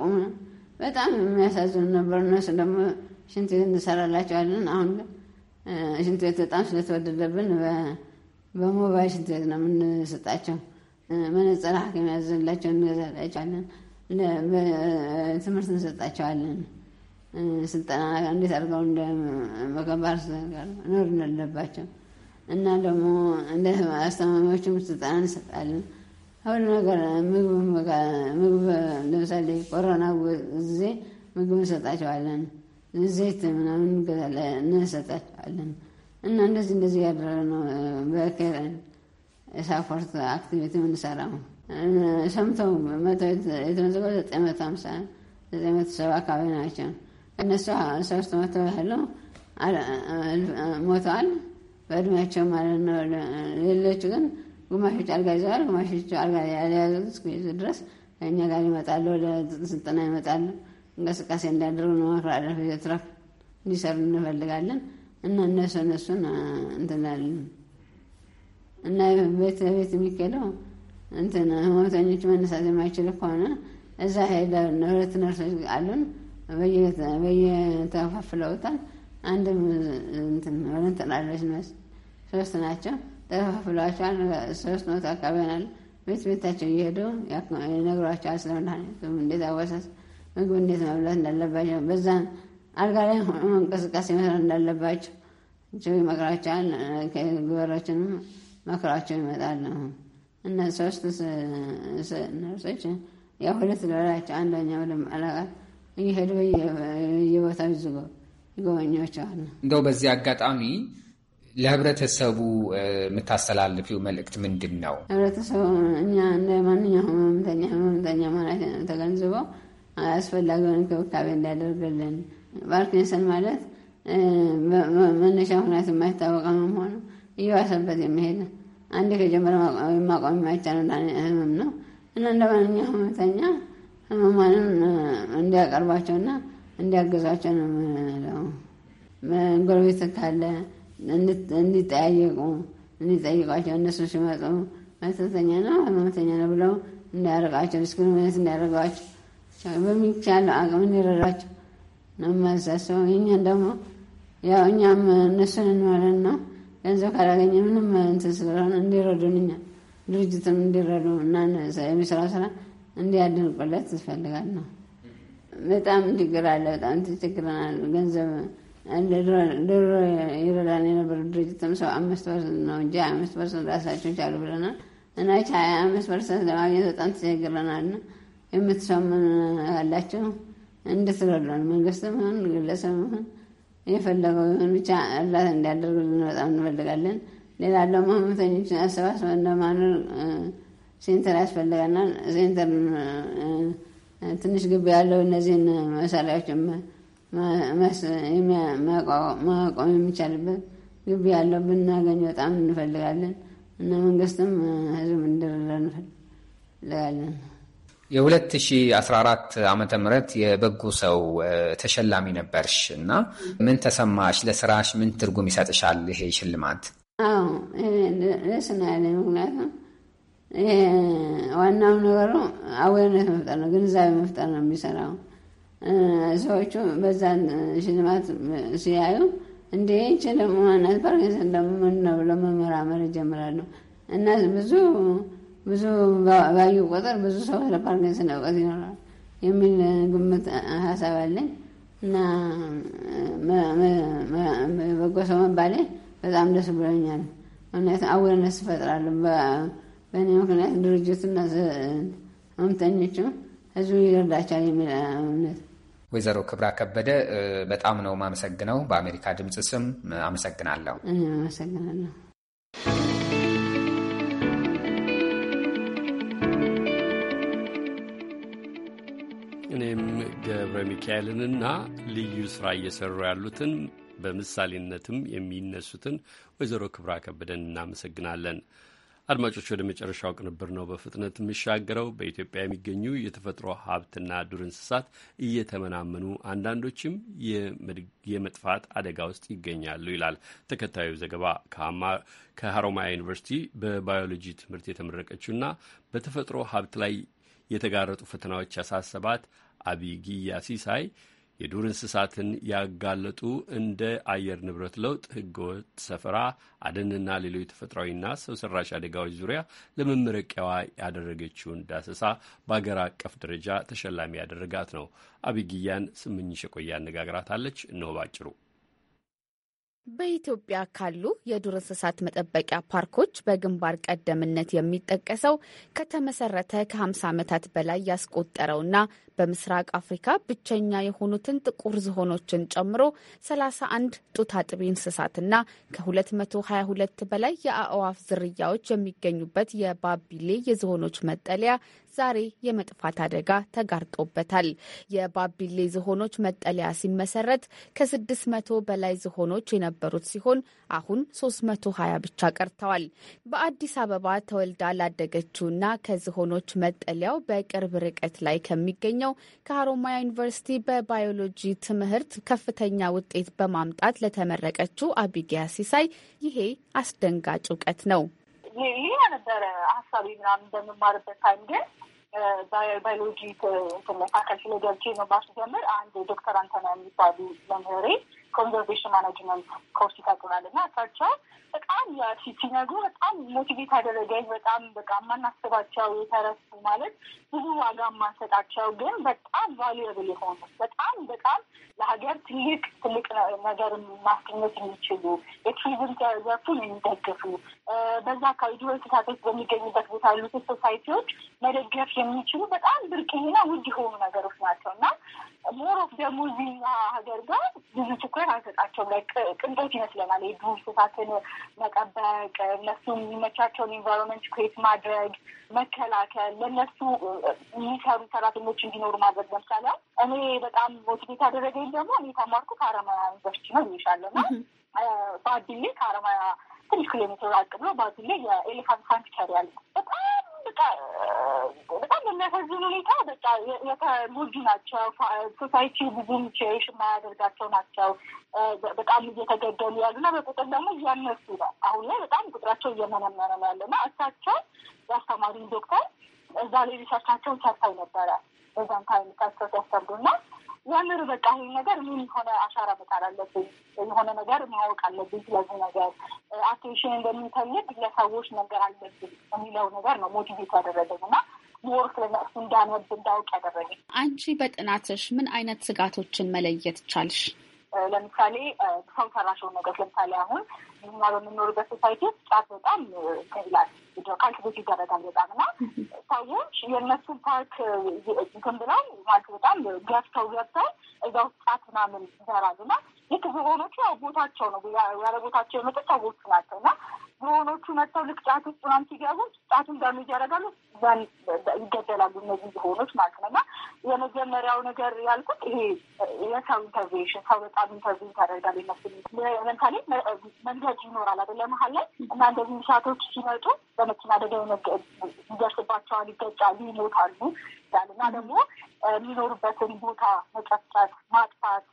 በጣም የሚያሳዝኑ ነበር። እነሱ ደግሞ ሽንት ቤት እንሰራላቸዋለን። አሁን ሽንት ቤት በጣም ስለተወደደብን በሞባይል ሽንት ቤት ነው የምንሰጣቸው። መነጽር ሐኪም ያዘላቸው እንገዛላቸዋለን። ትምህርት እንሰጣቸዋለን። ስልጠና እንዴት አድርገው እንደመከባር ኖር እንዳለባቸው እና ደግሞ እንደ አስተማሚዎችም ስልጠና እንሰጣለን። አሁን ምግብ ለምሳሌ ኮሮና ጊዜ ምግብ እንሰጣቸዋለን፣ ዘይት ምናምን እንሰጣቸዋለን። እና እንደዚህ እንደዚህ ያደረገ ነው በኬረን ሳፖርት አክቲቪቲ የምንሰራው። ሰምተው የተመዘገበ ዘጠኝ መቶ ሀምሳ ዘጠኝ መቶ ሰባ አካባቢ ናቸው። እነሱ ሶስት መቶ ያለው ሞተዋል በእድሜያቸው ማለት ነው። ሌሎቹ ግን ግማሾች አልጋ ይዘዋል፣ ግማሾች አልጋ ያልያዙት እስከሚይዙ ድረስ እኛ ጋር ይመጣሉ። ለስልጠና ይመጣሉ። እንቅስቃሴ እንዳያደርጉ ነው መክራለሁ። ፊዚዮትራፒ እንዲሰሩ እንፈልጋለን እና እነሱ እነሱን እንትናለን እና ቤት ለቤት የሚኬደው እንትን ህመምተኞች መነሳት የማይችል ከሆነ እዛ ሄደ ሁለት ነርሶች አሉን በየተከፋፍለውታል። አንድም እንትን ሶስት ናቸው። ተከፍሏቸዋል። ሶስት ነው አካባቢ ቤት ቤታቸው እየሄዱ ይነግሯቸዋል። ስለመድኃኒቱም እንዴት አወሳስ ምግብ እንዴት መብላት እንዳለባቸው በዛ አልጋ ላይ እንቅስቃሴ መስራት እንዳለባቸው መክራቸዋል። ግበሮችንም መክሯቸው ይመጣል። እነ ሶስት ነርሶች የሁለት ሁለት ልበላቸው አንደኛው ለማላቃት እየሄዱ በየቦታው ይጎበኛቸዋል። እንደው በዚህ አጋጣሚ ለህብረተሰቡ የምታስተላልፊው መልእክት ምንድን ነው? ህብረተሰቡ እኛ እንደ ማንኛው ህመምተኛ ህመምተኛ ማለት ነው ተገንዝበው አስፈላጊውን እንክብካቤ እንዲያደርግልን። ፓርኪንሰን ማለት መነሻ ምክንያት የማይታወቀ መሆኑ እየዋሰበት የሚሄድ አንድ ከጀመረ ማቆም የማይቻል ህመም ነው እና እንደ ማንኛው ህመምተኛ ህመማንም እንዲያቀርባቸውና እንዲያገዟቸው ነው ጎረቤት ካለ እንዲጠያየቁ እንጠይቋቸው እነሱ ሲመጡ መተተኛ ነው ህመምተኛ ነው ብለው እንዳያርቃቸው ዲስክሪሚኔት እንዳያደርጓቸው በሚቻለው አቅም እንዲረዳቸው ነው የማሳስበው። የእኛን ደግሞ ያው እኛም እነሱን እንመለን ነው ገንዘብ ካላገኘ ምንም እንትን ስለሆነ እንዲረዱን እኛ ድርጅትም እንዲረዱ እና የሚሰራው ስራ እንዲያደንቁለት ትፈልጋል ነው። በጣም ችግር አለ። በጣም ችግር ገንዘብ ድሮ ይረዳን የነበረ ድርጅትም ሰው አምስት ፐርሰንት ነው እንጂ አምስት ፐርሰንት ራሳቸው ቻሉ ብለናል እና ሀያ አምስት ፐርሰንት ለማግኘት በጣም ተቸግረናል። ና የምትሰሙን ያላቸው እንድትረዱን መንግስትም ይሁን ግለሰብ ይሁን የፈለገው ይሁን ብቻ እርዳታ እንዲያደርግልን በጣም እንፈልጋለን። ሌላ ደግሞ ህመምተኞችን አሰባስበን እንደማኖር ሴንተር ያስፈልገናል። ሴንተር ትንሽ ግቢ ያለው እነዚህን መሳሪያዎችም መቆም የሚቻልበት ግቢ ያለው ብናገኝ በጣም እንፈልጋለን እና መንግስትም ህዝብ እንድረዳ እንፈልጋለን። የ2014 ዓመተ ምህረት የበጎ ሰው ተሸላሚ ነበርሽ እና ምን ተሰማሽ? ለስራሽ ምን ትርጉም ይሰጥሻል ይሄ ሽልማት? አዎ ደስ ነው ያለኝ። ምክንያቱም ዋናው ነገሩ አዌርነት መፍጠር ነው፣ ግንዛቤ መፍጠር ነው የሚሰራው ሰዎቹ በዛን ሽልማት ሲያዩ እንደ ይህች ደግሞ ማናት ፓርኪንሰን ደግሞ ምን ነው ብለው መመራመር ይጀምራሉ። እና ብዙ ብዙ ባዩ ቁጥር ብዙ ሰው ስለ ፓርኪንሰን እውቀት ይኖራል የሚል ግምት ሀሳብ አለኝ እና በጎ ሰው መባሌ በጣም ደስ ብሎኛል። ምክንያቱም አውረነት ይፈጥራሉ። በእኔ ምክንያት ድርጅቱና ህመምተኞቹ ህዝቡ ይረዳቻል የሚል እምነት ወይዘሮ ክብራ ከበደ በጣም ነው ማመሰግነው። በአሜሪካ ድምፅ ስም አመሰግናለሁ። አመሰግናለሁ። እኔም ገብረ ሚካኤልንና ልዩ ስራ እየሰሩ ያሉትን በምሳሌነትም የሚነሱትን ወይዘሮ ክብራ ከበደን እናመሰግናለን። አድማጮች ወደ መጨረሻው ቅንብር ነው በፍጥነት የሚሻገረው። በኢትዮጵያ የሚገኙ የተፈጥሮ ሀብትና ዱር እንስሳት እየተመናመኑ አንዳንዶችም የመጥፋት አደጋ ውስጥ ይገኛሉ ይላል ተከታዩ ዘገባ። ከሀሮማያ ዩኒቨርሲቲ በባዮሎጂ ትምህርት የተመረቀችውና በተፈጥሮ ሀብት ላይ የተጋረጡ ፈተናዎች ያሳሰባት አቢጊያ ሲሳይ የዱር እንስሳትን ያጋለጡ እንደ አየር ንብረት ለውጥ፣ ህገወጥ ሰፈራ፣ አደንና ሌሎች ተፈጥሯዊና ሰው ሰራሽ አደጋዎች ዙሪያ ለመመረቂያዋ ያደረገችውን ዳሰሳ በአገር አቀፍ ደረጃ ተሸላሚ ያደረጋት ነው። አብይያን ስምኝሽ የቆየ አነጋግራታለች። እነሆ ባጭሩ። በኢትዮጵያ ካሉ የዱር እንስሳት መጠበቂያ ፓርኮች በግንባር ቀደምነት የሚጠቀሰው ከተመሰረተ ከ50 ዓመታት በላይ ያስቆጠረውና በምስራቅ አፍሪካ ብቸኛ የሆኑትን ጥቁር ዝሆኖችን ጨምሮ 31 ጡት አጥቢ እንስሳትና ከ222 በላይ የአእዋፍ ዝርያዎች የሚገኙበት የባቢሌ የዝሆኖች መጠለያ ዛሬ የመጥፋት አደጋ ተጋርጦበታል። የባቢሌ ዝሆኖች መጠለያ ሲመሰረት ከ600 በላይ ዝሆኖች የነበሩት ሲሆን አሁን 320 ብቻ ቀርተዋል። በአዲስ አበባ ተወልዳ ላደገችውና ከዝሆኖች መጠለያው በቅርብ ርቀት ላይ ከሚገኘው የሚገኘው ከሀሮማያ ዩኒቨርሲቲ በባዮሎጂ ትምህርት ከፍተኛ ውጤት በማምጣት ለተመረቀችው አቢጊያ ሲሳይ ይሄ አስደንጋጭ እውቀት ነው። ይህ ነበረ ሀሳቢ ምናምን በምማርበት ታይም ግን ባዮሎጂ መካከል ስለገብቼ መማር ስጀምር አንድ ዶክተር አንተና የሚባሉ መምህሬ ኮንዘርቬሽን ማናጅመንት ኮርስ ይታቁናል እና እሳቸው በጣም ሲነግሩ በጣም ሞቲቬት ያደረገኝ በጣም በቃ የማናስባቸው የተረሱ ማለት ብዙ ዋጋ የማንሰጣቸው ግን በጣም ቫሉየብል የሆኑ በጣም በጣም ለሀገር ትልቅ ትልቅ ነገር ማስገኘት የሚችሉ የቱሪዝም ዘርፉን የሚደግፉ በዛ አካባቢ ድሮ እንስሳቶች በሚገኙበት ቦታ ያሉት ሶሳይቲዎች መደገፍ የሚችሉ በጣም ብርቅና ውድ የሆኑ ነገሮች ናቸው እና ሞሮፍ ደግሞ እዚህ ሀገር ጋር ብዙ ትኩረት ነገር አንሰጣቸውም። ላይ ቅንጦት ይመስለናል። የዱ እንስሳትን መጠበቅ፣ እነሱ የሚመቻቸውን ኢንቫይሮንመንት ክሬት ማድረግ፣ መከላከል፣ ለእነሱ የሚሰሩ ሰራተኞች እንዲኖሩ ማድረግ። ለምሳሌ እኔ በጣም ሞቲቬት ያደረገኝ ደግሞ እኔ የተማርኩት ከአረማያ ዩኒቨርሲቲ ነው ይሻለ ና በአዲሌ ከአረማያ ትንሽ ኪሎ ሜትር ራቅ ብሎ በአዲሌ የኤሌፋንት ሳንክቸሪ ያለ በጣም በቃ በጣም በሚያሳዝን ሁኔታ በቃ የተጎዱ ናቸው። ሶሳይቲ ብዙም ቼሽ የማያደርጋቸው ናቸው። በጣም እየተገደሉ ያሉ ያሉና በቁጥር ደግሞ እያነሱ ነው። አሁን ላይ በጣም ቁጥራቸው እየመነመረ ነው ያለ ያለና እሳቸው የአስተማሪን ዶክተር እዛ ላይ ሪሰርቻቸውን ሰርተው ነበረ በዛም ታይም እሳቸው ሲያስተምሩና የምር በቃ ይህ ነገር ምን የሆነ አሻራ መጣል አለብኝ፣ የሆነ ነገር ማወቅ አለብኝ፣ ስለዚህ ነገር አቴንሽን እንደሚፈልግ ለሰዎች ነገር አለብኝ የሚለው ነገር ነው ሞቲቬት ያደረገኝ እና ሞር ስለነሱ እንዳነብ እንዳውቅ ያደረገኝ። አንቺ በጥናትሽ ምን አይነት ስጋቶችን መለየት ቻልሽ? ለምሳሌ ሰው ሰራሽ ነገር ለምሳሌ አሁን እኛ በምንኖርበት ሶሳይቲ ውስጥ ጫት በጣም ይላል ካልቲቬት ይደረጋል በጣም እና ሰዎች የእነሱን ፓርክ እንትን ብለው ማለት በጣም ገብተው ገብተው እዛ ውስጥ ጫት ምናምን ይዘራሉ እና ልክ ዝሆኖቹ ያው ቦታቸው ነው ያለ ቦታቸው የመጠጥ ሰዎቹ ናቸው እና ዝሆኖቹ መጥተው ልክ ጫት ውስጥ ናም ሲገቡ ጫቱን ዳሜጅ ያደርጋሉ፣ ይገደላሉ እነዚህ ዝሆኖች ማለት ነው። እና የመጀመሪያው ነገር ያልኩት ይሄ የሰው ኢንተርቬንሽን፣ ሰው በጣም ኢንተርቬን ያደርጋል ይመስል ለምሳሌ መንገድ ይኖራል አይደለ መሀል ላይ እና እንደዚህ እሳቶች ሲመጡ በመኪና አደጋ ይደርስባቸዋል፣ ይገጫሉ፣ ይሞታሉ። ይችላል እና ደግሞ የሚኖሩበትን ቦታ መጨፍጨፍ፣ ማጥፋት፣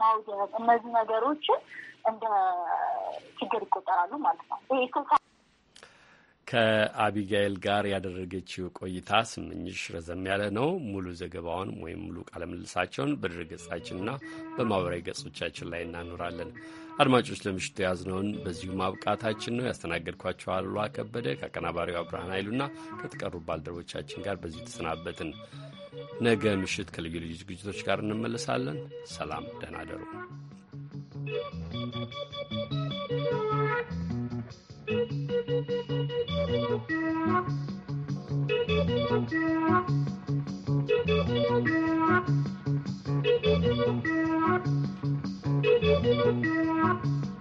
ማውደም እነዚህ ነገሮችን እንደ ችግር ይቆጠራሉ ማለት ነው። ከአቢጋኤል ጋር ያደረገችው ቆይታ ስምኝሽ ረዘም ያለ ነው። ሙሉ ዘገባውን ወይም ሙሉ ቃለምልሳቸውን በድረ ገጻችንና በማህበራዊ ገጾቻችን ላይ እናኖራለን። አድማጮች ለምሽቱ የያዝነውን በዚሁ ማብቃታችን ነው። ያስተናገድኳቸው አሉላ ከበደ ከአቀናባሪዋ ብርሃን ኃይሉና ከተቀሩ ባልደረቦቻችን ጋር በዚሁ ተሰናበትን። ነገ ምሽት ከልዩ ልዩ ዝግጅቶች ጋር እንመለሳለን። ሰላም፣ ደህና አደሩ።